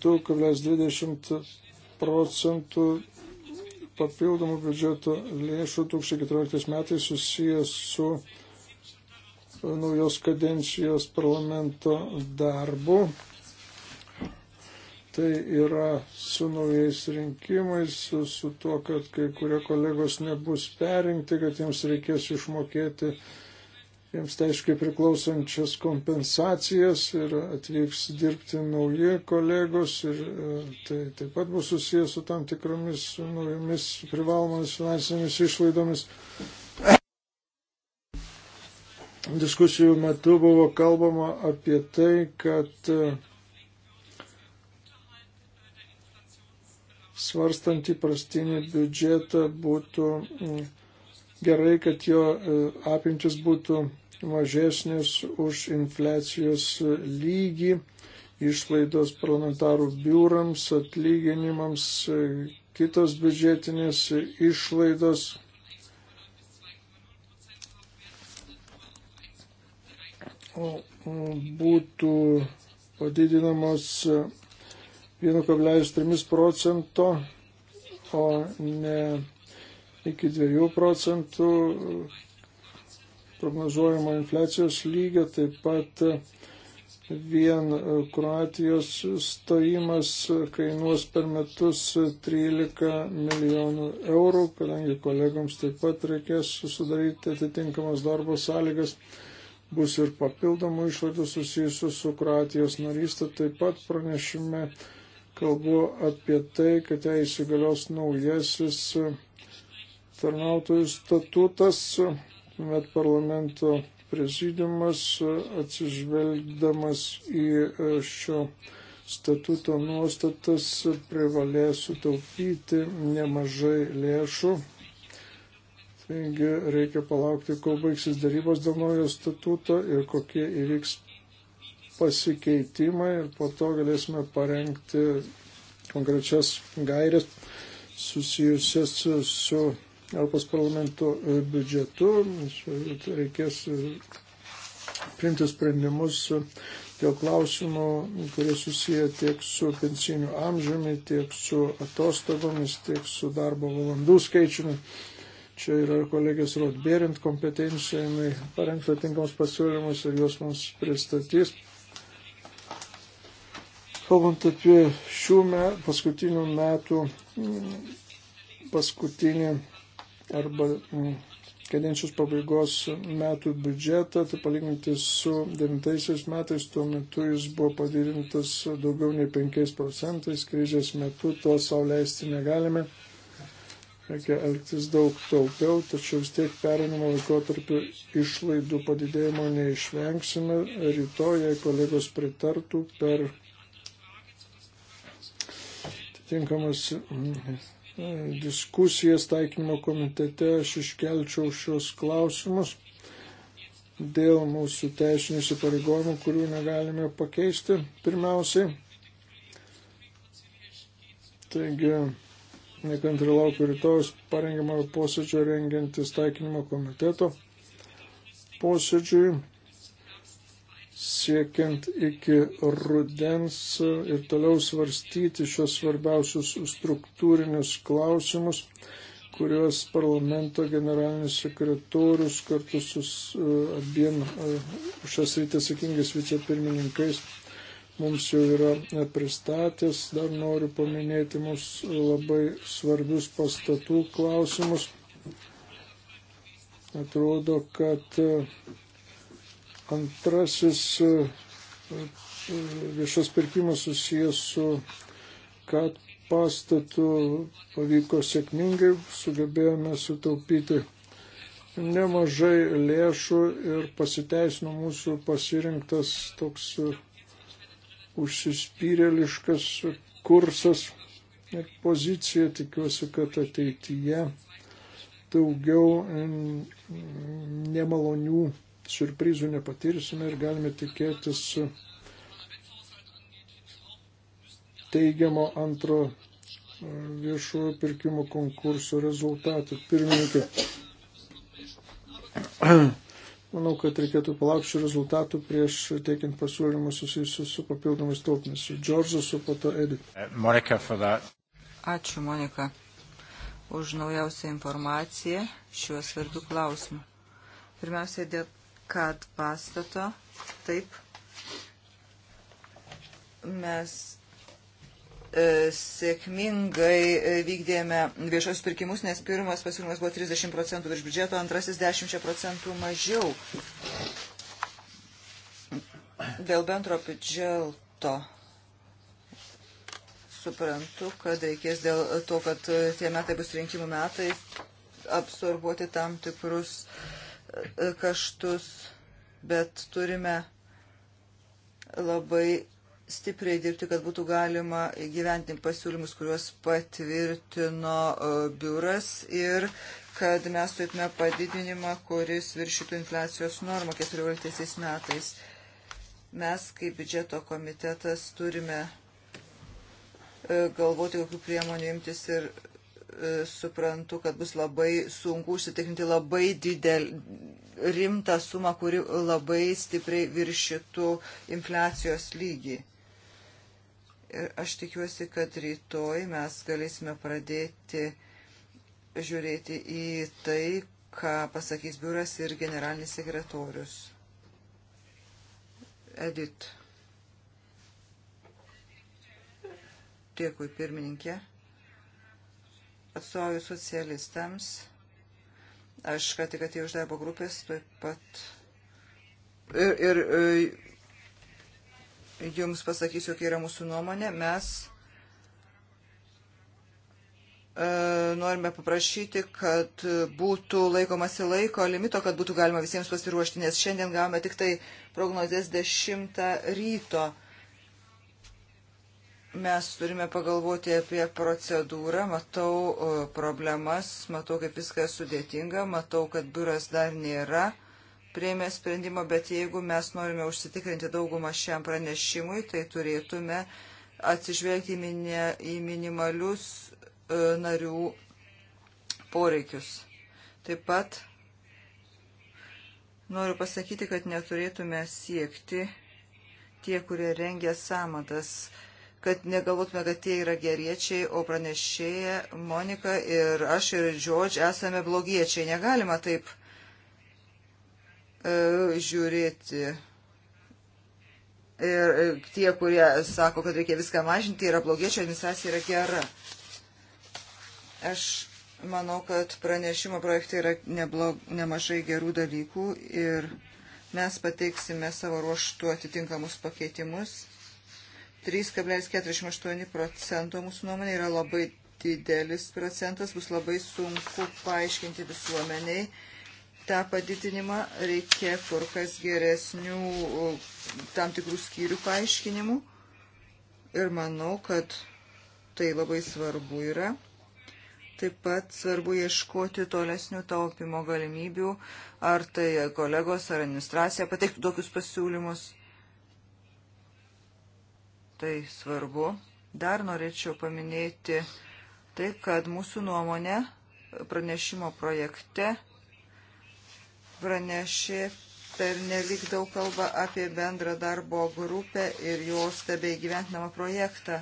2,20 procentų papildomų biudžeto lėšų 2014 metais susijęs su naujos kadencijos parlamento darbu. Tai yra su naujais rinkimais, su, su tuo, kad kai kurie kolegos nebus perinkti, kad jiems reikės išmokėti jiems taiškai tai priklausančias kompensacijas ir atvyks dirbti nauji kolegos ir e, tai taip pat bus susijęs su tam tikromis naujomis privalomomis finansinėmis išlaidomis diskusijų metu buvo kalbama apie tai, kad e, svarstant įprastinį biudžetą būtų gerai, kad jo e, apimtis būtų mažesnės už infliacijos lygį, išlaidos parlamentarų biurams, atlyginimams, e, kitos biudžetinės išlaidos būtų padidinamos 1,3 procento, o ne iki 2 procentų prognozuojamo infliacijos lygio, taip pat vien Kroatijos stojimas kainuos per metus 13 milijonų eurų, kadangi kolegoms taip pat reikės sudaryti atitinkamas darbo sąlygas bus ir papildomų išlaidų susijusių su Kroatijos narystė. Taip pat pranešime kalbu apie tai, kad jai įsigalios naujasis tarnautojų statutas, met parlamento prezidiumas atsižvelgdamas į šio statuto nuostatas privalės sutaupyti nemažai lėšų Taigi reikia palaukti, kol baigsis darybos dėl naujo statuto ir kokie įvyks pasikeitimai ir po to galėsime parengti konkrečias gairės susijusias su Europos parlamento e, biudžetu. Reikės e, priimti sprendimus dėl klausimų, kurie susiję tiek su pensiniu amžiumi, tiek su atostogomis, tiek su darbo valandų skaičiumi. Čia yra kolegijos Rodbėrint kompetencija, jinai parengta tinkamos pasiūlymus ir juos mums pristatys. Kalbant apie šių metų, paskutinių metų, mm, paskutinį arba mm, kadencijos pabaigos metų biudžetą, tai palyginti su 9 metais, tuo metu jis buvo padidintas daugiau nei 5 procentais, krizės metu to sauliaisti negalime reikia elgtis daug taupiau, tačiau vis tiek perinimo laikotarpiu išlaidų padidėjimo neišvengsime. Rytoj, jei kolegos pritartų per atitinkamas mm, diskusijas taikinimo komitete, aš iškelčiau šios klausimus dėl mūsų teisinių įsipareigojimų, kurių negalime pakeisti pirmiausiai. Taigi, nekantri laukiu rytojus parengiamojo posėdžio rengiantis taikinimo komiteto posėdžiui, siekiant iki rudens ir toliau svarstyti šios svarbiausius struktūrinius klausimus, kuriuos parlamento generalinis sekretorius kartu su e, abiem e, šias rytį sakingais vicepirmininkais mums jau yra e, pristatęs. Dar noriu paminėti mums labai svarbius pastatų klausimus. Atrodo, kad e, antrasis e, viešas pirkimas susijęs su, kad pastatų pavyko sėkmingai, sugebėjome sutaupyti nemažai lėšų ir pasiteisino mūsų pasirinktas toks užsispyrėliškas kursas ir pozicija. Tikiuosi, kad ateityje daugiau mm, mm, nemalonių surprizų nepatirsime ir galime tikėtis teigiamo antro mm, viešojo pirkimo konkurso rezultatų. Pirmininkė. Manau, kad reikėtų palaukti šių rezultatų prieš teikiant pasiūlymus susijusius su papildomais taupinės, su Džordžu, su pato Edit. Uh, Monika, for that. Ačiū, Monika, už naujausią informaciją šiuo svarbiu klausimu. Pirmiausia, dėl kad pastato, taip, mes E, sėkmingai e, vykdėme viešosius pirkimus, nes pirmas pasiūlymas buvo 30 procentų virš biudžeto, antrasis 10 procentų mažiau. Dėl bendro biudžeto suprantu, kad reikės dėl to, kad tie metai bus rinkimų metai, absorbuoti tam tikrus e, kaštus, bet turime labai stipriai dirbti, kad būtų galima gyventi pasiūlymus, kuriuos patvirtino e, biuras ir kad mes turėtume padidinimą, kuris viršytų infliacijos normą 14 metais. Mes kaip biudžeto komitetas turime e, galvoti, kokiu priemonių imtis ir e, suprantu, kad bus labai sunku užsitikrinti labai didelį rimtą sumą, kuri labai stipriai viršytų infliacijos lygį. Ir aš tikiuosi, kad rytoj mes galėsime pradėti žiūrėti į tai, ką pasakys biuras ir generalinis sekretorius. Edit. Dėkui, pirmininkė. Atstovauju socialistams. Aš ką tik atėjau iš darbo grupės, taip pat. Ir, ir jums pasakysiu, kokia yra mūsų nuomonė. Mes e, norime paprašyti, kad būtų laikomasi laiko limito, kad būtų galima visiems pasiruošti, nes šiandien gavome tik tai prognozės 10 ryto. Mes turime pagalvoti apie procedūrą, matau e, problemas, matau, kaip viskas sudėtinga, matau, kad biuras dar nėra prieimė sprendimą, bet jeigu mes norime užsitikrinti daugumą šiam pranešimui, tai turėtume atsižvelgti į, minė, į minimalius e, narių poreikius. Taip pat noriu pasakyti, kad neturėtume siekti tie, kurie rengia samatas, kad negalvotume, kad tie yra geriečiai, o pranešėja Monika ir aš ir George esame blogiečiai. Negalima taip E, žiūrėti. Ir e, tie, kurie sako, kad reikia viską mažinti, yra blogiečių administracija yra gera. Aš manau, kad pranešimo projekte yra neblog, nemažai gerų dalykų ir mes pateiksime savo ruoštų atitinkamus pakeitimus. 3,48 procento mūsų nuomonė yra labai didelis procentas, bus labai sunku paaiškinti visuomeniai tą padidinimą, reikia kur kas geresnių tam tikrų skyrių paaiškinimų. Ir manau, kad tai labai svarbu yra. Taip pat svarbu ieškoti tolesnių taupimo galimybių, ar tai kolegos ar administracija pateiktų tokius pasiūlymus. Tai svarbu. Dar norėčiau paminėti tai, kad mūsų nuomonė pranešimo projekte pranešė per nelik daug kalba apie bendrą darbo grupę ir jos tebe įgyventinamą projektą.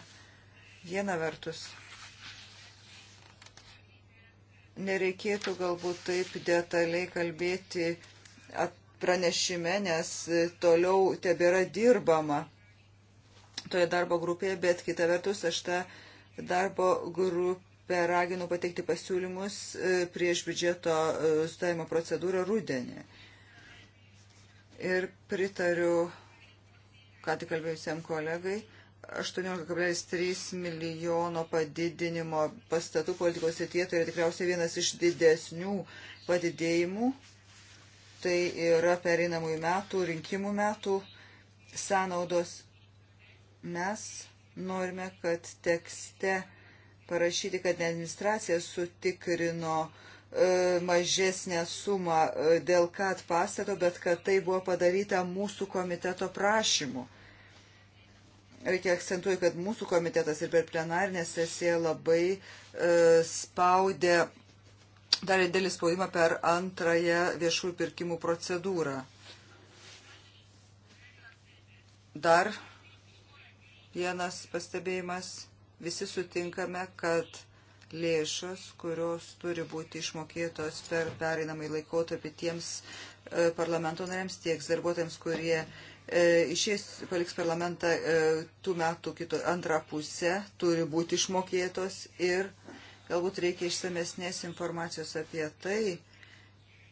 Viena vertus. Nereikėtų galbūt taip detaliai kalbėti pranešime, nes toliau tebėra dirbama toje darbo grupėje, bet kita vertus aš tą darbo grupę peraginu pateikti pasiūlymus e, prieš biudžeto e, sudarimo procedūrą rudenį. Ir pritariu, ką tik kalbėjusiam kolegai, 18,3 milijono padidinimo pastatų politikos srityje, tai yra tikriausiai vienas iš didesnių padidėjimų. Tai yra pereinamųjų metų, rinkimų metų sąnaudos. Mes norime, kad tekste parašyti, kad ne administracija sutikrino e, mažesnę sumą e, dėl kad pastato, bet kad tai buvo padaryta mūsų komiteto prašymu. Reikia akcentuoti, kad mūsų komitetas ir per plenarinę sesiją labai e, spaudė, darė dėlį spaudimą per antrąją viešųjų pirkimų procedūrą. Dar vienas pastebėjimas visi sutinkame, kad lėšos, kurios turi būti išmokėtos per pereinamąjį laikotarpį tiems e, parlamento nariams, tiek darbuotojams, kurie e, išės, paliks parlamentą e, tų metų kito, antrą pusę, turi būti išmokėtos ir galbūt reikia išsamesnės informacijos apie tai,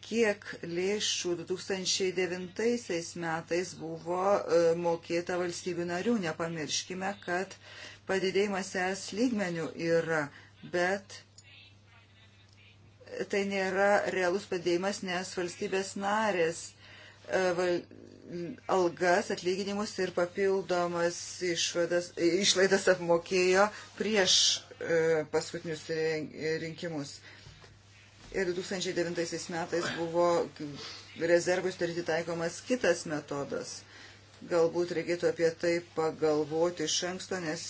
kiek lėšų 2009 metais buvo mokėta valstybių narių. Nepamirškime, kad padidėjimas es lygmenių yra, bet tai nėra realus padėjimas, nes valstybės narės e, algas, atlyginimus ir papildomas išvadas, išlaidas apmokėjo prieš e, paskutinius rinkimus. Ir 2009 metais buvo rezervų sudaryti taikomas kitas metodas. Galbūt reikėtų apie tai pagalvoti iš anksto, nes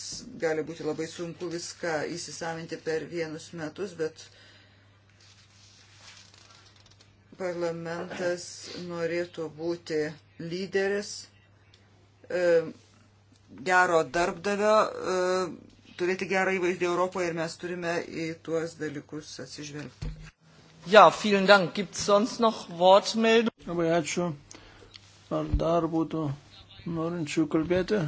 gali būti labai sunku viską įsisavinti per vienus metus, bet parlamentas norėtų būti lyderis, e, gero darbdavio, e, turėti gerą įvaizdį Europoje ir mes turime į tuos dalykus atsižvelgti. Ja, vielen Dank. Gibt es sonst noch Wortmeldungen? Labai ačiū. Ar dar būtų norinčių kalbėti?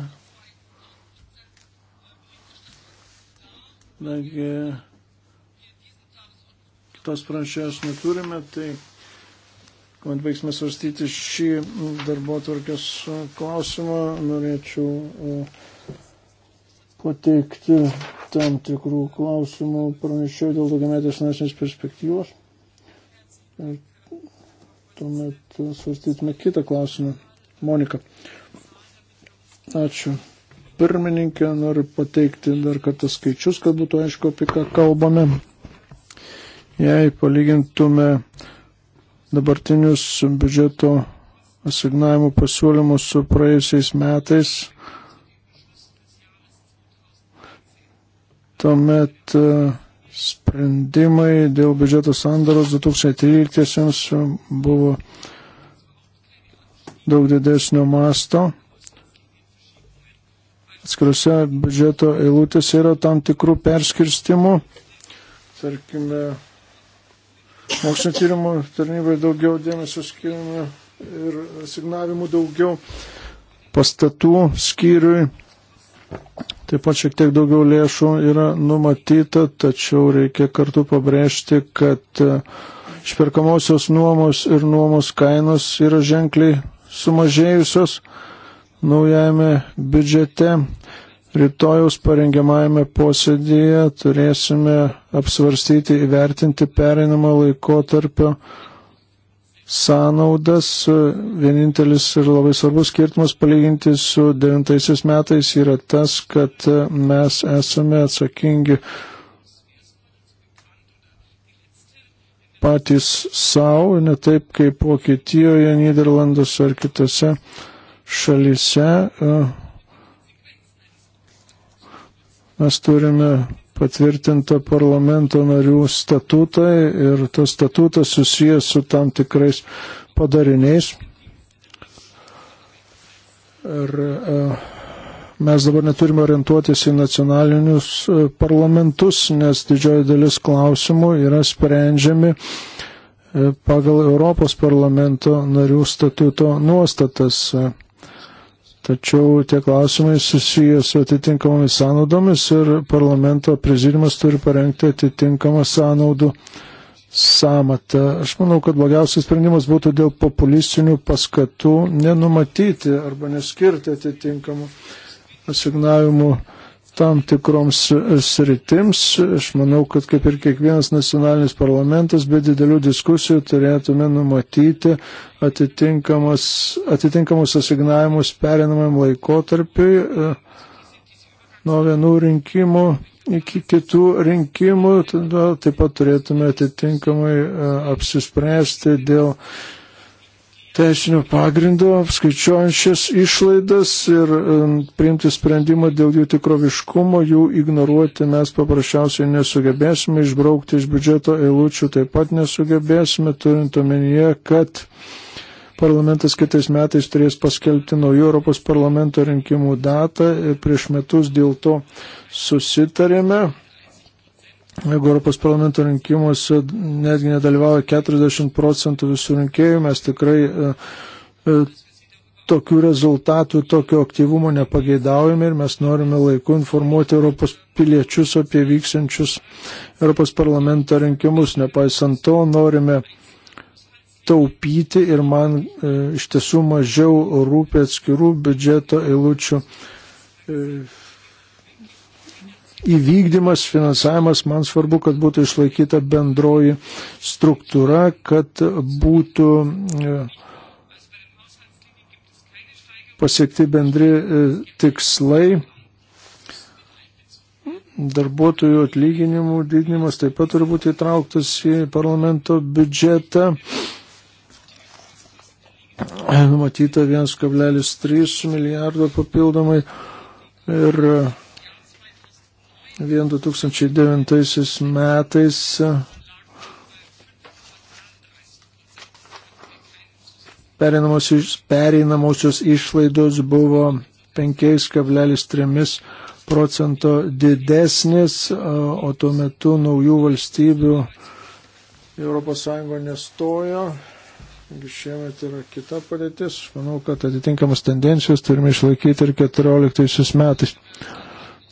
Nagi, kitos pranešėjos neturime, tai kuomet baigsime svarstyti šį darbo tvarkės klausimą, norėčiau e, pateikti tam tikrų klausimų pranešėjų dėl daugiametės nacinės perspektyvos. Ir tuomet svarstytume kitą klausimą. Monika. Ačiū. Pirmininkė, noriu pateikti dar kartą skaičius, kad būtų aišku, apie ką kalbame. Jei palygintume dabartinius biudžeto asignavimų pasiūlymus su praėjusiais metais, tuomet e, sprendimai dėl biudžeto sandaros 2013 buvo daug didesnio masto atskiruose biudžeto eilutėse yra tam tikrų perskirstimų. Tarkime, mokslinio tyrimų tarnybai daugiau dėmesio skiriame ir signavimų daugiau pastatų skyriui. Taip pat šiek tiek daugiau lėšų yra numatyta, tačiau reikia kartu pabrėžti, kad e, išperkamosios nuomos ir nuomos kainos yra ženkliai sumažėjusios naujame biudžete. Rytojaus parengiamajame posėdėje turėsime apsvarstyti, įvertinti pereinamą laikotarpio sąnaudas. Vienintelis ir labai svarbus skirtumas palyginti su devintaisiais metais yra tas, kad mes esame atsakingi patys savo, ne taip kaip Vokietijoje, Niderlanduose ar kitose šalyse e, mes turime patvirtintą parlamento narių statutą ir tas statutas susijęs su tam tikrais padariniais. Ir e, mes dabar neturime orientuotis į nacionalinius e, parlamentus, nes didžioji dalis klausimų yra sprendžiami pagal Europos parlamento narių statuto nuostatas. Tačiau tie klausimai susiję su atitinkamomis sąnaudomis ir parlamento prezidimas turi parengti atitinkamą sąnaudų samatą. Aš manau, kad blogiausias sprendimas būtų dėl populistinių paskatų nenumatyti arba neskirti atitinkamų asignavimų tam tikroms e, sritims. Aš manau, kad kaip ir kiekvienas nacionalinis parlamentas, be didelių diskusijų turėtume numatyti atitinkamus asignavimus perinamam laikotarpiui e, nuo vienų rinkimų iki kitų rinkimų. Tada taip pat turėtume atitinkamai e, apsispręsti dėl teisinio pagrindo apskaičiuojant šias išlaidas ir priimti sprendimą dėl jų tikroviškumo, jų ignoruoti mes paprasčiausiai nesugebėsime, išbraukti iš biudžeto eilučių taip pat nesugebėsime, turint omenyje, kad Parlamentas kitais metais turės paskelbti naujų Europos parlamento rinkimų datą ir prieš metus dėl to susitarėme. Jeigu Europos parlamento rinkimuose netgi nedalyvauja 40 procentų visų rinkėjų, mes tikrai e, e, tokių rezultatų, tokio aktyvumo nepageidaujame ir mes norime laiku informuoti Europos piliečius apie vyksiančius Europos parlamento rinkimus. Nepaisant to, norime taupyti ir man e, iš tiesų mažiau rūpia atskirų biudžeto eilučių. E, įvykdymas, finansavimas, man svarbu, kad būtų išlaikyta bendroji struktūra, kad būtų e, pasiekti bendri e, tikslai. Darbuotojų atlyginimų didinimas taip pat turi būti įtrauktas į parlamento biudžetą. Numatyta 1,3 milijardo papildomai ir Vien 2009 metais pereinamosios išlaidos buvo 5,3 procento didesnės, o tuo metu naujų valstybių ES nestojo. Šiemet yra kita padėtis. Manau, kad atitinkamas tendencijos turime išlaikyti ir 14 metais.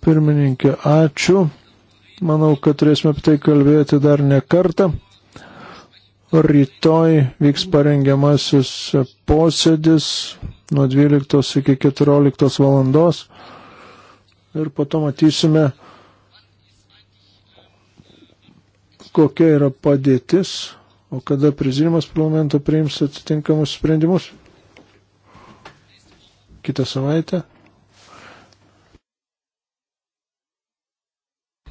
Pirmininkė, ačiū. Manau, kad turėsime apie tai kalbėti dar ne kartą. Rytoj vyks parengiamasis posėdis nuo 12 iki 14 valandos ir po to matysime, kokia yra padėtis, o kada prezidimas parlamento priims atitinkamus sprendimus. Kitą savaitę.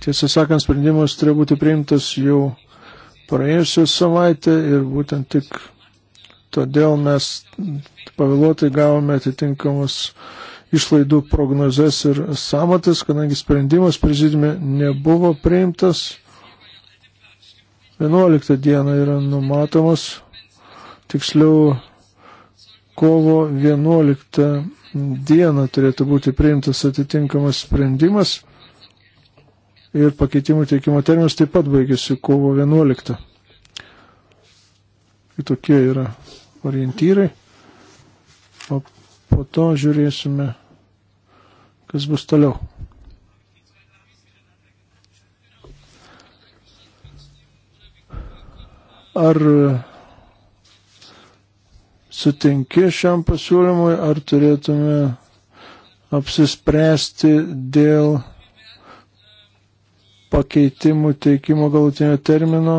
Tiesą sakant, sprendimas turėjo būti priimtas jau praėjusią savaitę ir būtent tik todėl mes pavėluotai gavome atitinkamus išlaidų prognozes ir samatas, kadangi sprendimas prezidime nebuvo priimtas. 11 diena yra numatomas, tiksliau kovo 11 dieną turėtų būti priimtas atitinkamas sprendimas ir pakeitimų teikimo terminas taip pat baigėsi kovo 11. Tai tokie yra orientyrai. O po to žiūrėsime, kas bus toliau. Ar sutinki šiam pasiūlymui, ar turėtume apsispręsti dėl pakeitimų teikimo galutinio termino.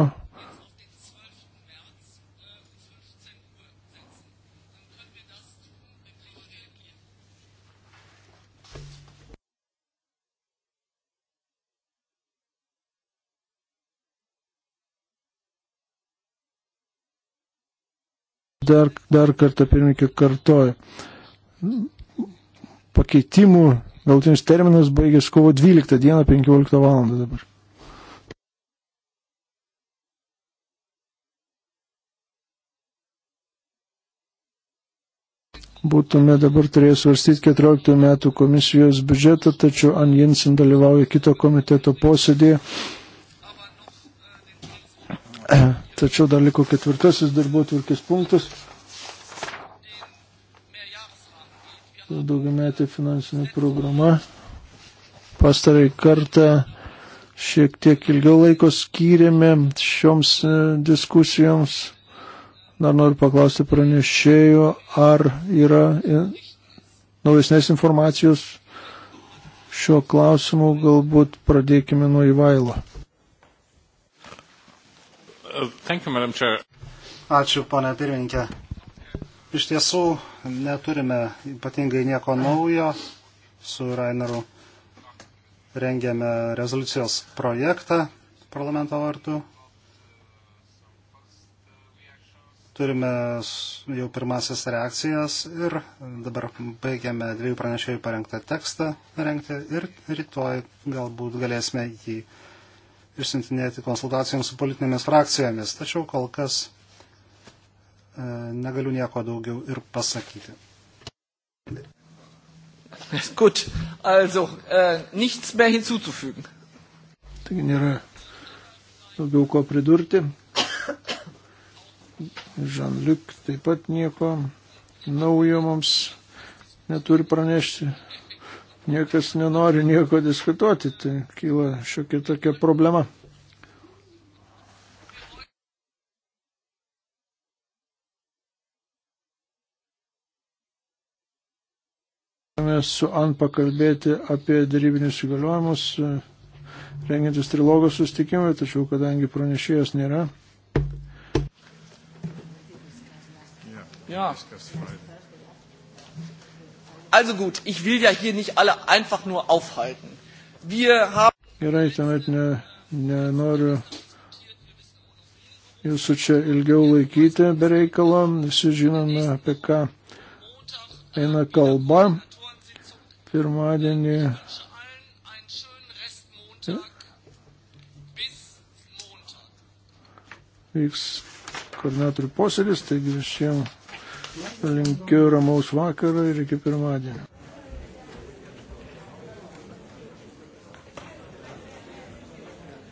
Dar, dar kartą pirmininkė kartoja pakeitimų galtinis terminas baigės kovo 12 dieną 15 val. dabar. Būtume dabar turėję svarstyti 14 metų komisijos biudžetą, tačiau An Jensen dalyvauja kito komiteto posėdėje. Tačiau dar liko ketvirtasis darbuotvarkės punktas. daugiametė finansinė programa. Pastarai kartą šiek tiek ilgiau laiko skyrėme šioms e, diskusijoms. Dar noriu paklausti pranešėjų, ar yra e, naujesnės informacijos šiuo klausimu, galbūt pradėkime nuo įvailo. Ačiū, ponė pirmininkė. Iš tiesų neturime ypatingai nieko naujo. Su Raineru rengėme rezoliucijos projektą parlamento vartų. Turime jau pirmasis reakcijas ir dabar baigiame dviejų pranešėjų parengtą tekstą rengti ir rytoj galbūt galėsime jį išsintinėti konsultacijoms su politinėmis frakcijomis. Tačiau kol kas E, negaliu nieko daugiau ir pasakyti. Gut, also äh, nichts mehr hinzuzufügen. Taigi nėra daugiau ko pridurti. Žanliuk taip pat nieko naujo mums neturi pranešti. Niekas nenori nieko diskutuoti, tai kyla šiokia tokia problema. su An pakalbėti apie darybinius įgaliojimus, rengiantis trilogo sustikimui, tačiau kadangi pranešėjas nėra. Ja. Also gut, ich will ja hier nicht alle einfach nur aufhalten. Wir haben. Gerai, tuomet ne, nenoriu jūsų čia ilgiau laikyti be reikalo, visi žinome apie ką eina kalba pirmadienį. Ja. Vyks koordinatorių posėdis, taigi visiems linkiu ramaus vakaro ir iki pirmadienio.